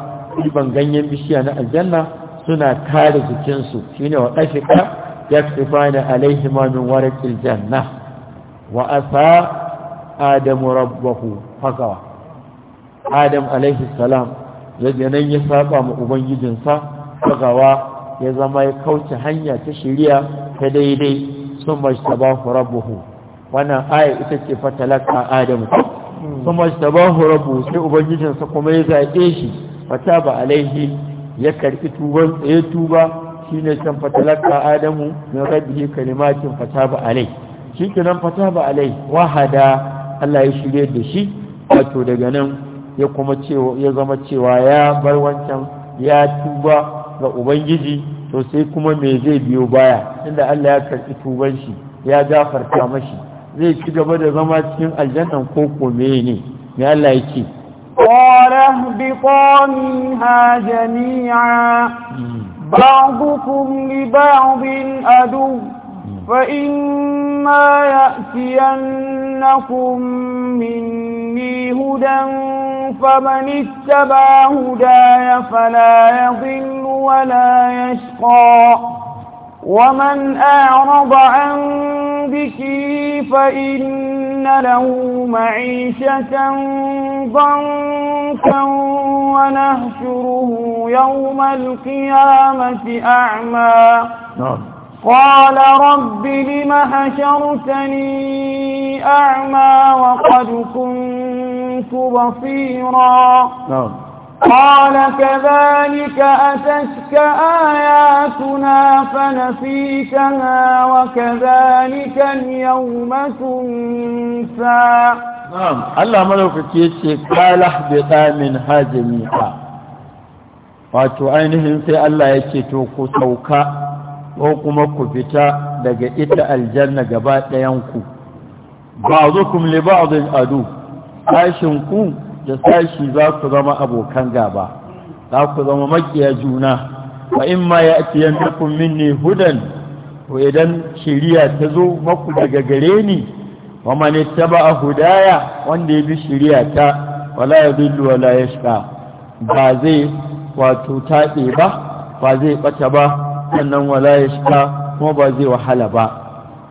ɗiban ganyen bishiya na aljanna suna kare jikinsu ne wa ɗafika ya tsifana alaihi ma min warakil janna wa asa adamu rabbahu fagawa adam alaihi salam je nan ya saba ma ubangijinsa fagawa ya zama ya kauce hanya ta shirya ta daidai sun ta ku rabbahu wannan aya ita ce fatalaka adamu shi tabahu rabu sai ubangijinsa kuma ya zaɓe shi fata ba alaihi ya karɓi tuban tsaye tuba shine ne can fatalaka adamu na rabbi kalimatin fata ba alai shi kinan fata ba alai wahada Allah ya shirye da shi wato daga nan ya kuma cewa ya zama cewa ya bar wancan ya tuba ga ubangiji to sai kuma me zai biyo baya inda Allah ya karɓi tuban shi ya gafarta mashi zai ci gaba da zama cikin aljannan ko ko ne me Allah yake qala bi ha jami'a hmm. ba'dukum li ba'din adu hmm. fa imma ya'tiyannakum minni hudan ya اتبع ya فلا wala ya يشقى ومن أعرض عن ذكري فإن له معيشة ضنكا ونهشره يوم القيامة أعمى نعم. قال رب لم حشرتني أعمى وقد كنت بصيرا نعم. قال كذلك أتتك آياتنا فنسيتها وكذلك اليوم تنسى نعم الله ملوك كيتشي قال احبطا منها جميعا فاتو عينهم في الله يشتوك سوكا وقم كفتا لقى إتا الجنة قبات ينكو بعضكم لبعض أدو عايشنكو da sashi za ku zama abokan gaba za ku zama makiya juna Ba in ma ya ake yankakun minni hudan ko idan shiriya ta zo maku daga gare ni wa mani ba a hudaya wanda ya bi shiriya ta wala ya dillu wala ya shiga ba zai wato taɗe ba ba zai ɓata ba sannan wala ya shiga kuma ba zai wahala ba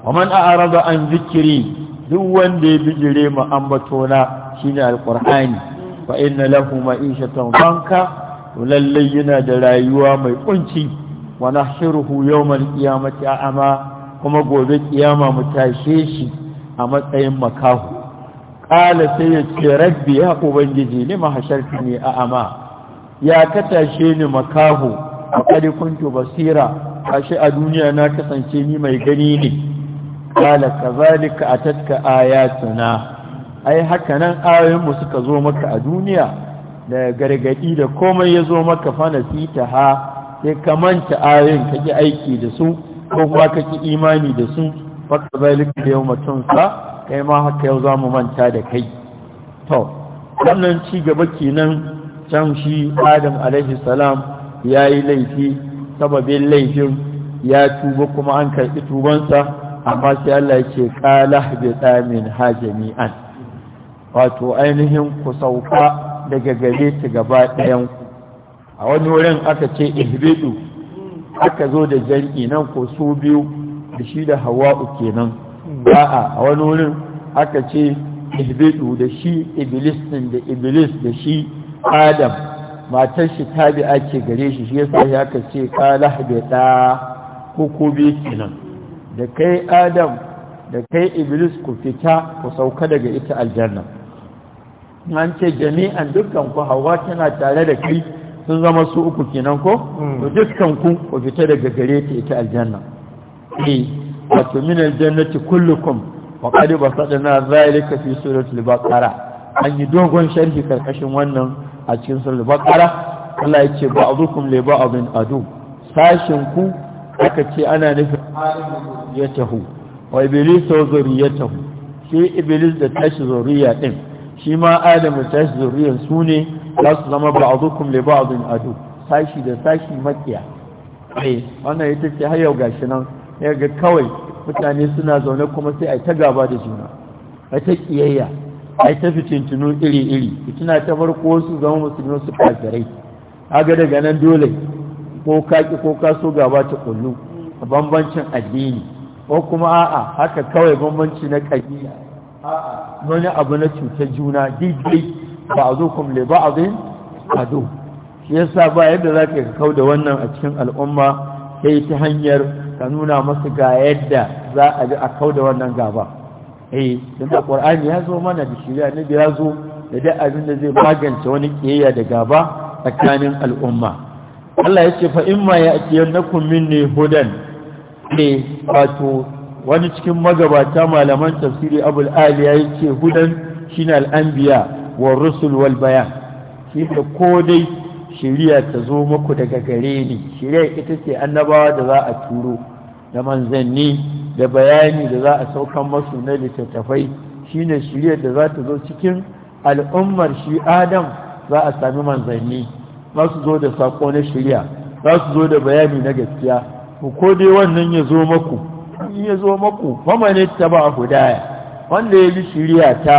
wa man a araba an zikiri duk wanda ya bijire mu batona shine alqur'ani fa inna lahu ma'ishatan banka lallai yana da rayuwa mai kunci wa nahshuruhu yawmal qiyamati a'ama kuma gobe kiyama mu tashe shi a matsayin makahu qala sai ya ce rabbi ya ubangiji lima hashartini a'ama ya ka tashe ni makahu faqad kuntu basira ashe a duniya na kasance ni mai gani ne qala kadhalika atatka ayatuna ai haka nan ayoyinmu suka zo maka a duniya da gargaɗi da komai ya zo maka fanasita ha sai ka manta ayoyin ka ƙi aiki da su ko kuma ka ƙi imani da su faka zalika da yau mutum sa kai ma haka yau za mu manta da kai to wannan ci gaba kenan can shi adam alaihi salam ya yi laifi sababin laifin ya tuba kuma an karɓi tubansa amma sai Allah ya ce qala bi tsamin ha jami'an wato ainihin ku sauka daga gare ta gaba ɗayan a wani wurin aka ce ihbidu aka zo da jam'i nan ko su biyu da shi da hawa'u kenan a'a a wani wurin aka ce ihbidu da shi iblis din da iblis da shi adam matar shi ta bi ake gare shi shi yasa ya ka ce kala habita ko ko bi kenan da kai adam da kai iblis ku fita ku sauka daga ita aljanna an ce jami'an dukkan ku hawa tana tare da kai sun zama su uku kenan ko mm. to dukkan ku ku fita daga gare ta ita aljanna eh wato min aljannati kullukum wa qad basadna zalika fi suratul baqara an yi dogon sharhi karkashin wannan a cikin suratul baqara Allah ya ce ba'dukum li ba'din adu sashin ku aka ce ana nufin ya tahu wa iblis zuriyatahu shi iblis da tashi zuriya din shi ma adam da tashi zuriyar su ne za su zama ba'dukum li ba'din adu sashi da sashi makiya eh, wannan ita ce har yau gashi nan yaga kawai mutane suna zaune kuma sai a ta gaba da juna A ta kiyayya a ta fitintunu iri iri fitina ta farko su zama musulmi su kafirai ga daga nan dole ko kaki ko kaso gaba ta kullu bambancin addini ko kuma a'a haka kawai bambanci na kabila wani abu na cutar juna daidai ba a zo kumle ba a abin ado shi yasa ba yadda za ka kau da wannan a cikin al'umma sai ta hanyar ka nuna masu ga yadda za a bi a kau da wannan gaba eh don da ƙwar'ani ya zo mana da shirya na da zo da duk abin da zai magance wani ƙeya da gaba tsakanin al'umma Allah ya ce fa in ma ya ake yannakum ne hudan ne eh, wato wani cikin magabata malaman tafsiri abul aliya ce hudan shine al'ambiya wa rusul wal bayan shi da ko dai shari'a ta zo muku daga gare ni shari'a ita ce annabawa da za a turo da manzanni da bayani da za a saukan masu na littattafai shine shari'a da za ta zo cikin al'ummar shi adam za a sami manzanni za su zo da sako na shari'a za su zo da bayani na gaskiya ko dai wannan ya zo maku in ya zo maku mamanin ta ba hudaya wanda ya bi shiriya ta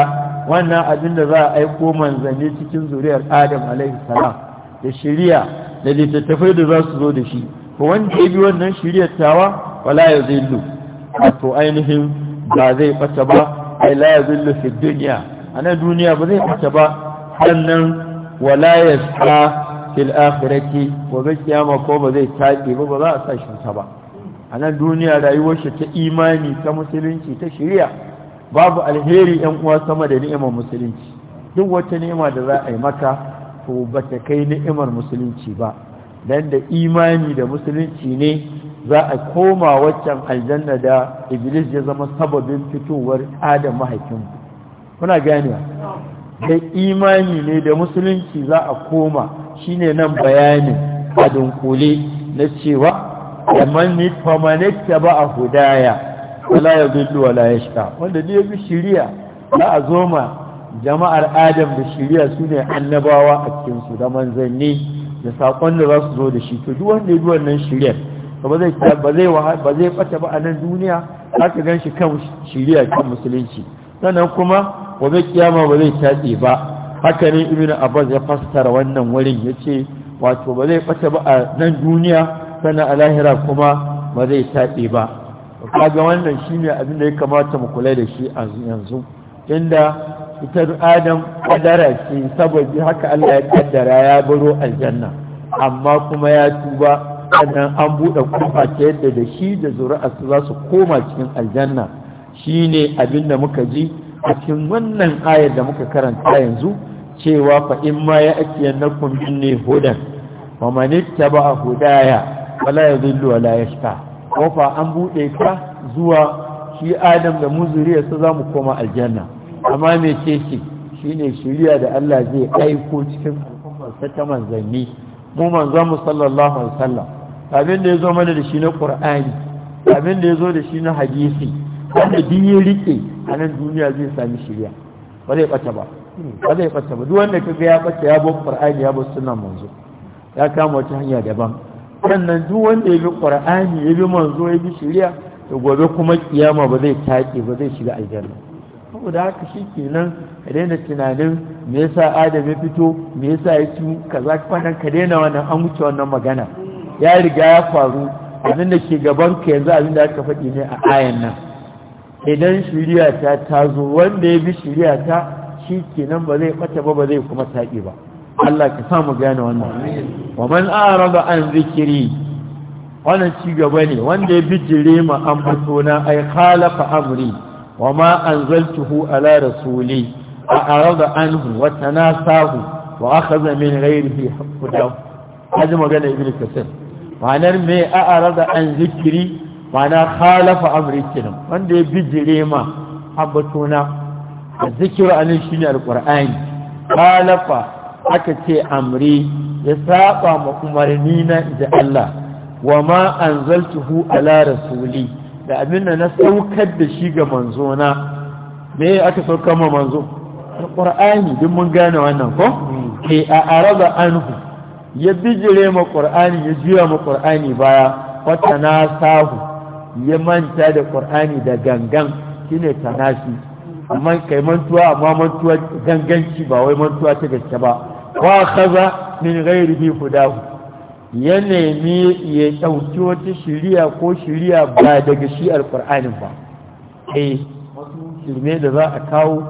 wannan abin da za a aiko manzanni cikin zuriyar adam alaihi salam da shiriya da littattafai da za su zo da shi ko wanda ya bi wannan shirya tawa wala ya zillu wato ainihin ba zai bata ba ai la ya zillu fi duniya a nan duniya ba zai bata ba sannan wala ya sa fil akhirati wa kiyama ko ba zai tafi ba ba za a sa shi ta ba a nan duniya rayuwar shi ta imani ta musulunci ta shirya babu alheri yan uwa sama da ni'imar musulunci duk wata ni'ima da za a yi maka to ba ta kai ni'imar musulunci ba dan da imani da musulunci ne za a koma waccan aljanna da iblis ya zama sababin fitowar adam mahaifin kuna ganewa da imani ne da musulunci za a koma shine nan bayanin a dunkule na cewa famanitta ba a hudaya wala ya zullu wala ya shika wanda ne bi shiriya za a zo ma jama'ar adam da shiriya su ne annabawa a cikin su da manzanni da saƙon da za su zo da shi to duk wanda ya bi wannan ba zai ba ba ba a nan duniya haka gan shi kan shiriya kan musulunci sannan kuma gobe kiyama ba zai tatse ba haka ne ibn abbas ya fassara wannan wurin ya ce, wato ba zai bata ba a nan duniya sana a lahira kuma ba zai taɓe ba kaga wannan shi ne abin da ya kamata mu kula da shi a yanzu inda ita adam kadara ce saboda haka Allah ya kaddara ya baro aljanna amma kuma ya tuba sannan an buɗe kofa ta yadda da shi da zuri'arsa za su koma cikin aljanna shine abin da muka ji a cikin wannan ayar da muka karanta yanzu cewa fa in ma ya ake yannakun binne hudan wa a hudaya wala ya zullu wala ya shika kofa an bude ta zuwa shi adam da muzuriya su za mu koma aljanna amma me ce shi shine shiriya da Allah zai aiko cikin al'ummarsa ta manzanni mu manzon mu sallallahu alaihi wasallam abin da ya zo mana da shi na qur'ani abin da ya zo da shi na hadisi wanda din ya rike a nan duniya zai sami shiriya ba zai ɓata ba ba zai ɓata ba duk wanda kaga ya ɓata ya bar qur'ani ya bar sunan manzo ya kama wata hanya daban sannan duk wanda ya bi ƙwar'ani ya bi manzo ya bi shirya da gobe kuma kiyama ba zai take ba zai shiga aljanna saboda haka shi kenan ka daina tunanin me yasa adam ya fito me yasa ya ci kaza kwanan ka daina wannan an wuce wannan magana ya riga ya faru abin da ke gaban ka yanzu abin da aka faɗi ne a ayan nan idan shiriyata ta zo wanda ya bi shiriya ta kenan ba zai bata ba ba zai kuma taƙe ba Allah ka samu gane wannan wa man araba an zikiri wannan ci gaba ne wanda ya bijire ma an batona ai khalafa amri wa ma anzaltuhu ala rasuli a araba anhu wa tanasahu wa akhadha min ghayrihi hudaw haji magana ibnu kasir ma'anar me a araba an zikiri ma'ana khalafa amri kenan wanda ya bijire ma an batona zikiru anan shine alqur'ani khalafa aka ce amri ya saba ma umarni na da Allah wa ma anzaltuhu ala rasuli da abin da na saukar da shi ga manzo na me aka saukar ma manzo alqur'ani din mun gane wannan ko ke a araba anhu ya bijire ma qur'ani ya jiya ma qur'ani baya wata na sahu ya manta da qur'ani da gangan shine tanashi amma kai mantuwa amma mantuwa ganganci ba wai mantuwa ta gaske ba wa kaza min gairi bi hudahu ya nemi ya ɗauki wata shiriya ko shiriya ba daga shi alƙur'anin ba eh shirme da za a kawo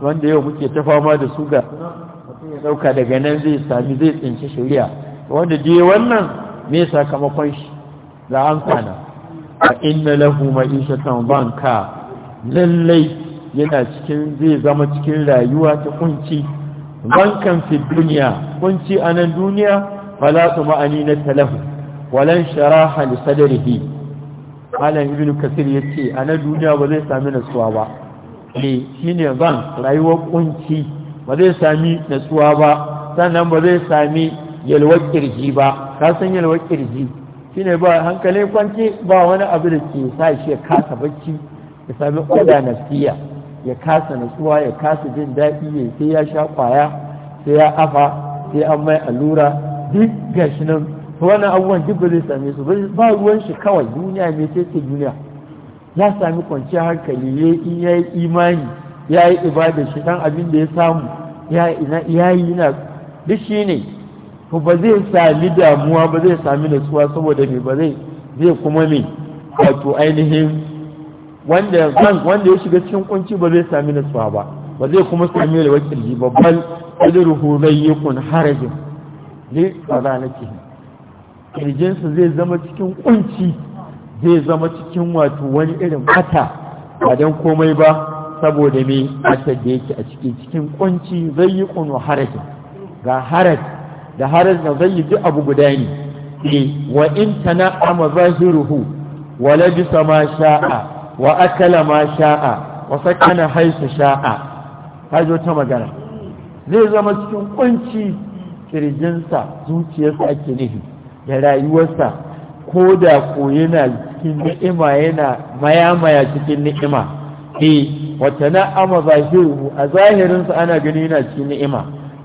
wanda yau muke ta fama da su ga ɗauka daga nan zai sami zai tsinci shiriya wanda je wannan me sakamakon shi za an kwana a inna lahu kan banka lallai yana cikin zai zama cikin rayuwa ta kunci wankan fi duniya kunci a nan duniya fala su ma'ani na talahu walan sharaha li sadrihi malam ibn kasir ce a nan duniya ba zai sami nasuwa ba e, ne shine ban rayuwar kunci ba zai sami nasuwa ba sannan ba zai sami yalwar kirji ba ka san yalwar kirji shine ba hankalin kwanci ba wani abu da ke sa shi ya kasa bacci ya sami ƙoda nasiya ya kasa natsuwa ya kasa jin daɗi ya sai ya sha ƙwaya sai ya afa sai an mai allura duk gashi nan wannan abubuwan duk ba zai same su ba ruwan shi kawai duniya mai ce duniya ya sami kwanciyar hankali ya in ya yi imani ya yi ibada shi dan abin da ya samu ya yi na duk shi ne ba zai sami damuwa ba zai sami natsuwa saboda me ba zai zai kuma me wato ainihin wanda zan wanda ya shiga cikin kunci ba zai sami nasuwa ba ba zai kuma sami da wakilci ba bal yi kun harajin li fadalatihi kirjinsa zai zama cikin kunci zai zama cikin wato wani irin fata. ba dan komai ba saboda me kata da yake a cikin cikin kunci zayyukun harajin ga haraj da haraj da zai duk abu guda ne eh, wa in tana'ama zahiruhu wa labisa ma sha'a wa akala ma sha'a wa sakana haisu sha'a hajo ta magana zai zama cikin kunci kirjinsa zuciyarsa ake nufi da rayuwarsa ko da ko yana cikin ni'ima yana mayamaya cikin ni'ima eh wata na'ama zahiru a zahirinsa ana gani yana cikin ni'ima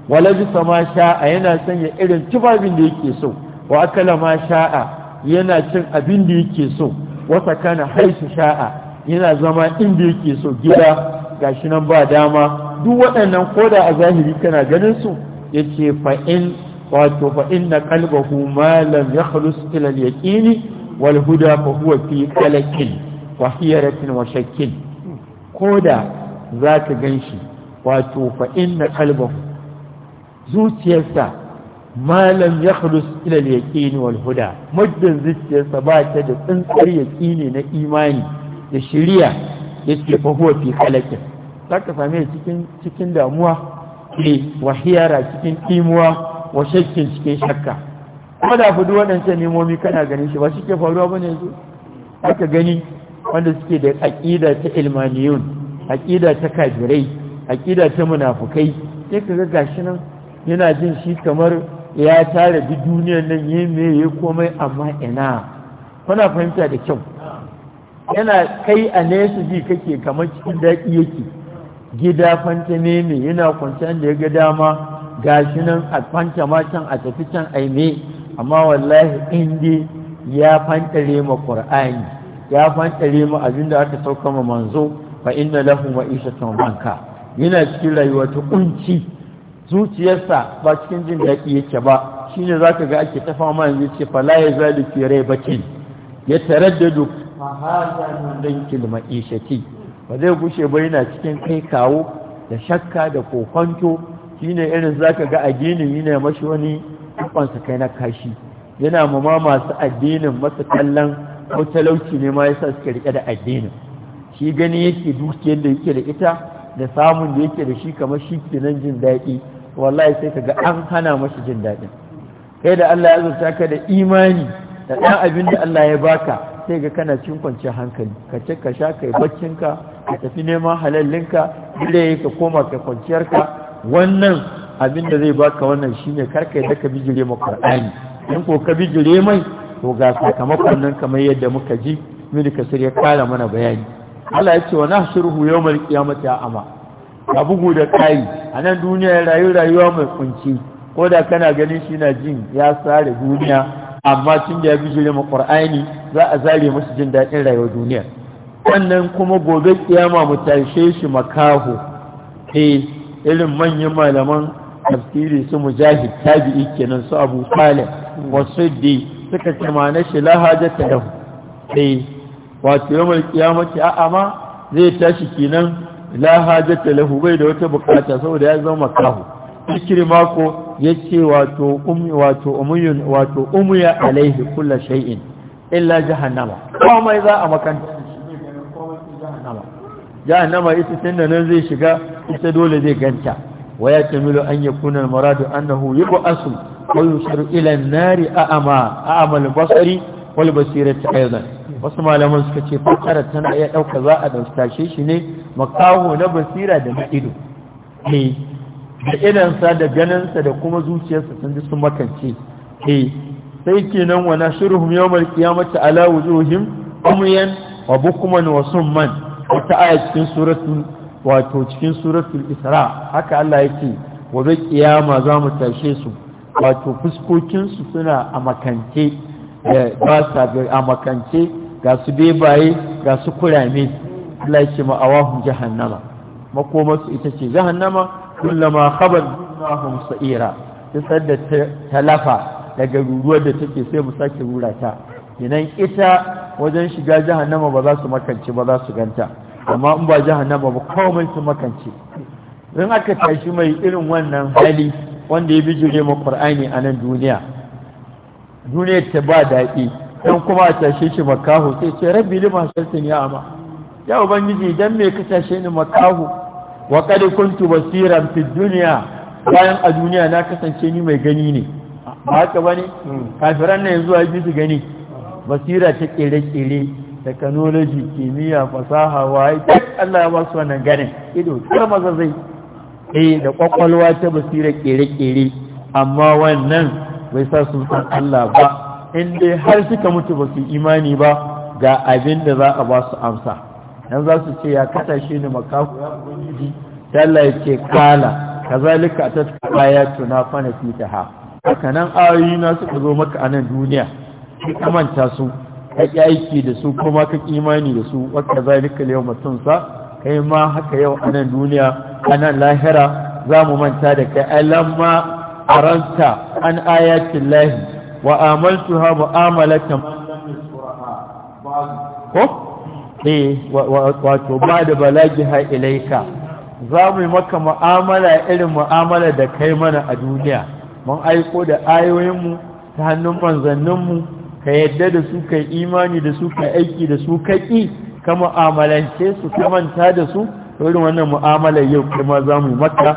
wala bisa ma sha'a yana sanya irin tufafin da yake so wa akala ma sha'a yana cin abin da yake so wasa kana haisu sha'a yana zama inda yake so gida gashi nan ba dama duk waɗannan koda a zahiri kana ganin su yace fa in wato fa inna qalbahu ma lam yakhlus ila al-yaqini wal huda fa huwa fi qalqin wa hiyaratin wa shakkin koda zaka ganshi wato fa inna qalbahu zuciyarsa malam ya khulus ila yaqini wal huda muddin zuciyarsa ba ta da tsantsar yaqini na imani da shiriya yake fa huwa fi kalakin zaka same cikin cikin damuwa ne wahiyara cikin imuwa wa shakkin cikin shakka kuma da fudu waɗancan nemomi kana ganin shi ba shi ke faruwa ba ne yanzu aka gani wanda suke da aƙida ta ilmaniyun aƙida ta kafirai aƙida ta munafukai sai ka ga gashi nan yana jin shi kamar ya tare duk duniyar nan ya yi ya komai amma ina kuna fahimta da kyau yana kai a nesa ji kake kamar cikin daɗi yake gida fanta ne yana kwanciyar da ya ga dama gashi nan a fanta ma can a tafi can aime amma wallahi indi ya fantare ma qur'ani ya fantare ma abin da aka sauka ma manzo fa inna lahu ma'ishatan banka yana cikin rayuwa ta kunci zuciyarsa ba cikin jin daɗi yake ba shi ne za ka ga ake tafa ma yanzu ce falaye ya za da fere bakin ya taraddadu mahazanin don kilma ishaki ba zai gushe ba yana cikin kai kawo da shakka da kokonto shi ne irin za ka ga a ginin yana mashi wani kwansa kai na kashi yana ma masu addinin masu kallon ko ne ma yasa suka rike da addinin shi gani yake dukiyar da yake da ita da samun da yake da shi kamar shi kenan jin daɗi wallahi sai ka ga an hana mashi jin daɗin kai da Allah ya zurta ka da imani da ɗan abin da Allah ya baka sai ga kana cin kwanciyar hankali ka ce ka sha kai baccinka ka tafi neman halallinka dole ka koma ka kwanciyarka wannan abin da zai baka wannan shine karka yadda ka bijire ma Qur'ani in ko ka bijire mai to ga sakamakon nan kamar yadda muka ji mini ka ya kara mana bayani Allah ya ce wa nahshuruhu yawmal qiyamati a'ma ka bugu da kai a nan duniya ya rayu rayuwa mai kunci ko da kana ganin shi na jin ya sare duniya amma tun da ya bi jirin qur'ani za a zare masa jin daɗin rayuwar duniya wannan kuma gobe kiyama mu tashe shi makaho ke eh, irin manyan malaman tafsiri su mujahid tabi'i kenan su abu salih wasu suka ce ma na shi ta yau ke wato yawon a'a ma zai tashi kenan la hajjata lahu bai da wata bukata saboda ya zama kahu ikrima ko yace wato ummi wato umuyun wato umuya alaihi kullu shay'in illa jahannama komai za a makanta jahannama jahannama ita tunda nan zai shiga ita dole zai ganta Waya ya tamilu an yakuna al-muradu annahu yub'asu wa yushiru ila an-nari a'ama a'ama al-basari wal basirati aidan wasu malaman suka ce fakara tana iya ɗauka za a tashe shi ne makaho na basira da na ido ne eh, da idansa da ganinsa da kuma zuciyarsa sun ji sun makance ne eh, sai kenan wa nashuruhum ya mace ala wujuhim umyan wa bukuman wa man wata aya cikin suratul wato cikin suratul isra haka Allah ya wa zai kiyama za mu tashe su wato fuskokinsu suna a makance eh, ba sa a makance ga su bebaye ga su kurame Allah ya ce ma awahum jahannama makomarsu ita ce jahannama kullama khabar mahum sa'ira ta sadda talafa daga ruruwar da take sai mu sake rura ta idan ita wajen shiga jahannama ba za su makance ba za su ganta amma in ba jahannama ba kawai su makance in aka tashi mai irin wannan hali wanda ya bijire ma Qur'ani a nan duniya duniyar ta ba daɗi dan kuma a tashe shi makahu sai ce rabbi lima sartin ni ama ya ubangiji dan me ka tashe ni makahu wa qad kuntu basiran fi dunya bayan a duniya na kasance ni mai gani ne ba haka bane hmm. kafiran ne yanzu a su gani basira ta kere-kere technology kimiyya fasaha wai duk Allah ya ba su wannan ganin ido kar maza zai eh da kwakwalwa ta basira kere-kere amma wannan bai sa sun san Allah ba in dai har suka mutu ba su imani ba ga abin da za a ba su amsa Nan za su ce ya kasashe ni makafu ya ubangiji Allah ya ce kala kazalika fana fi ta ha haka nan ayoyi na suka zo maka a nan duniya ka manta su ka aiki da su kuma ka imani da su wadda zalika yau mutum sa kai ma haka yau anan duniya a nan lahira za mu manta da kai alamma aranta an ayatin lahi وآملتها مؤاملة من wato ba da balagi ha ilaika za mu maka mu'amala irin mu'amala da kai mana a duniya mun aiko da ayoyinmu ta hannun manzanninmu ka yadda da su kai imani da su kai aiki da su kaki ka mu'amalance su ka manta da su irin wannan mu'amala yau kuma za mu maka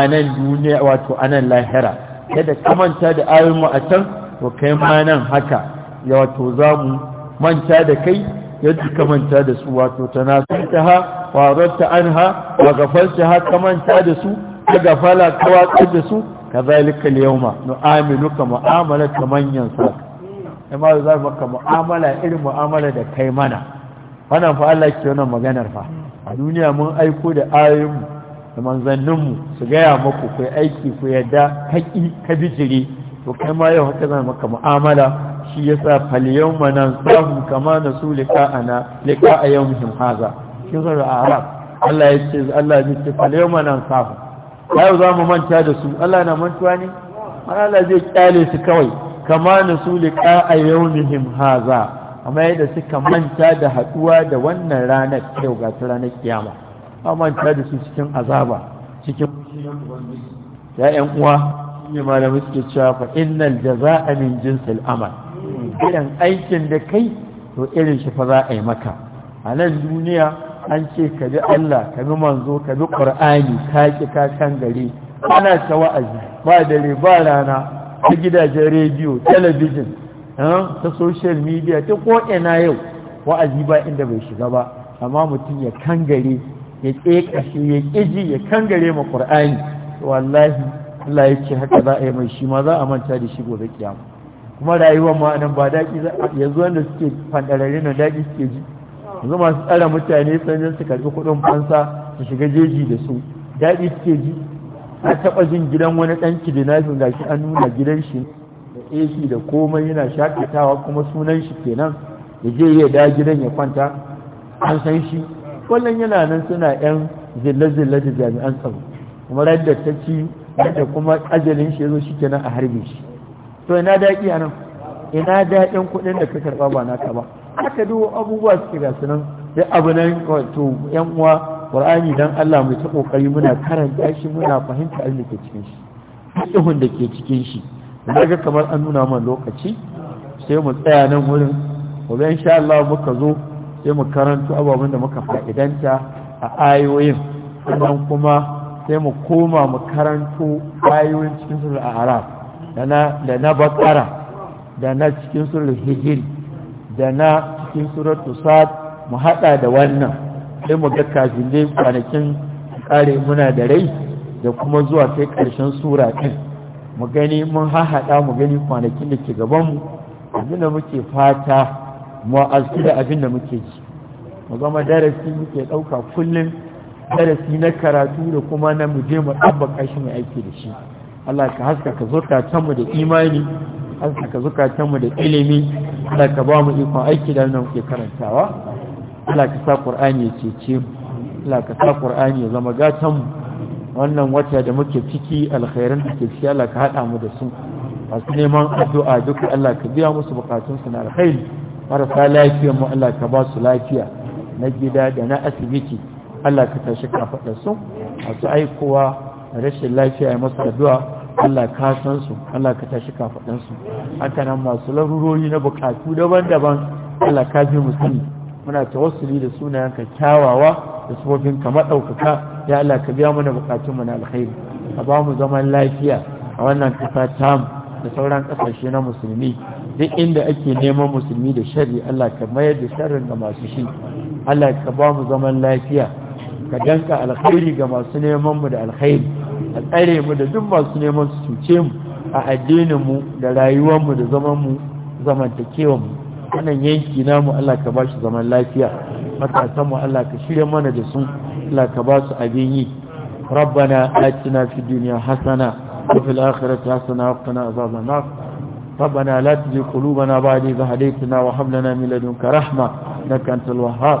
a nan duniya wato a nan lahira kada ka manta da ayoyinmu a can to kai ma nan haka ya wato za mu manta da kai yadda ka manta da su wato ta tanasantaha wa ratta anha wa ha ka manta da su ka gafala ka watsar da su ka kazalika aminu ka mu'amala ta manyan yansa amma za mu ka mu'amala irin mu'amala da kai mana wannan fa Allah ke wannan maganar fa a duniya mun aiko da mu da manzanninmu su gaya muku kai aiki ku yadda haƙi ka bijire to kai ma yau haka zan maka mu'amala shi yasa fal yawma nansahu kama nasu liqa'ana liqa'a yawmihim hadha kin a arab Allah ya ce Allah ya ce fal yawma sahu. yau za mu manta da su Allah na mantuwa ne Allah zai kyale su kawai kama nasu liqa'a yawmihim hadha amma yadda suka manta da haduwa da wannan ranar yau ga ranar kiyama amma manta da su cikin azaba cikin ya uwa ne malamai suke cewa fa innal a min jinsil amal irin aikin da kai to irin shi fa za a yi maka a nan duniya an ce ka bi Allah ka bi manzo ka bi Qur'ani ka ki ka kan gare ana ta wa'azi ba dare ba rana ta gidajen rediyo talabijin eh, ta social media ta ko ina yau wa'azi ba inda bai shiga ba amma mutum ya kan gare ya ƙeƙashe ya ƙiji ya kan gare ma Qur'ani wallahi Allah ya ce haka za a yi mai shi ma za a manta da shi gobe kiyama kuma rayuwar ma nan ba a yanzu wanda suke fandararri na daɗi suke ji yanzu masu tsara mutane sannan su karɓi kuɗin fansa su shiga jeji da su daɗi suke ji a taɓa jin gidan wani ɗan kidinafin shi an nuna gidan shi da AC da komai yana shakatawa kuma sunan shi kenan da je ya da gidan ya kwanta an san shi wannan yana nan suna 'yan zille-zille da jami'an tsaro kuma radda ta ci da kuma ajalin shi yazo shikenan a harbe shi to ina daɗi anan ina daɗin kuɗin da ka karɓa ba naka ba haka duk abubuwa suke ga sunan duk abu nan wato yan uwa qur'ani dan Allah mu ta kokari muna karanta shi muna fahimta abin da ke cikin shi duhun da ke cikin shi daga kamar an nuna man lokaci sai mu tsaya nan wurin gobe insha Allah muka zo sai mu karanto ababen da muka fa'idanta a ayoyin sannan kuma sai mu koma mu karanto ayoyin cikin surul araf da na bakara da na cikin surul hijiri da na cikin surul tusad mu haɗa da wannan sai mu ga kafin dai kwanakin kare muna da rai da kuma zuwa sai ƙarshen sura ɗin mu gani mun hahada mu gani kwanakin da ke gabanmu abin da muke fata mu da abin da muke ji mu zama darasi muke ɗauka kullum darasi na karatu da kuma na muje mu shi mai aiki da shi Allah ka haskaka zukatanmu da imani haskaka zukatanmu da ilimi Allah ka ba mu ikon aiki da nan ke karantawa Allah ka sa Qur'ani ya cece mu Allah ka sa Qur'ani ya zama gatan mu wannan wata da muke ciki alkhairan da ke ciki Allah ka hada mu da su Wasu neman addu'a duk Allah ka biya musu bukatun su na alkhairi marasa lafiya mu Allah ka ba su lafiya na gida da na asibiti Allah ka tashi kafaɗarsu masu aikowa rashin lafiya ya masu addu'a Allah ka san su Allah ka tashi kafaɗarsu haka nan masu larurori na bukatu daban-daban Allah ka bi mu sani muna tawassuli da ka kyawawa da sufofin ka maɗaukaka ya Allah ka biya mana bukatun mu na alkhairi ka ba mu zaman lafiya a wannan kasa tam da sauran ƙasashe na musulmi duk inda ake neman musulmi da shari Allah ka mayar da sharrin ga masu shi Allah ka ba mu zaman lafiya ka danka alkhairi ga masu neman mu da alkhairi a tsare mu da duk masu neman su cuce mu a addinin mu da rayuwar mu da zaman mu kewa mu wannan yanki namu Allah ka bashi zaman lafiya matasan mu Allah ka shirya mana da su Allah ka ba su abin yi ربنا آتنا في الدنيا حسنة وفي الآخرة حسنة وقنا عذاب النار ربنا لا تزغ قلوبنا بعد إذ هديتنا وهب لنا من لدنك رحمة إنك أنت الوهاب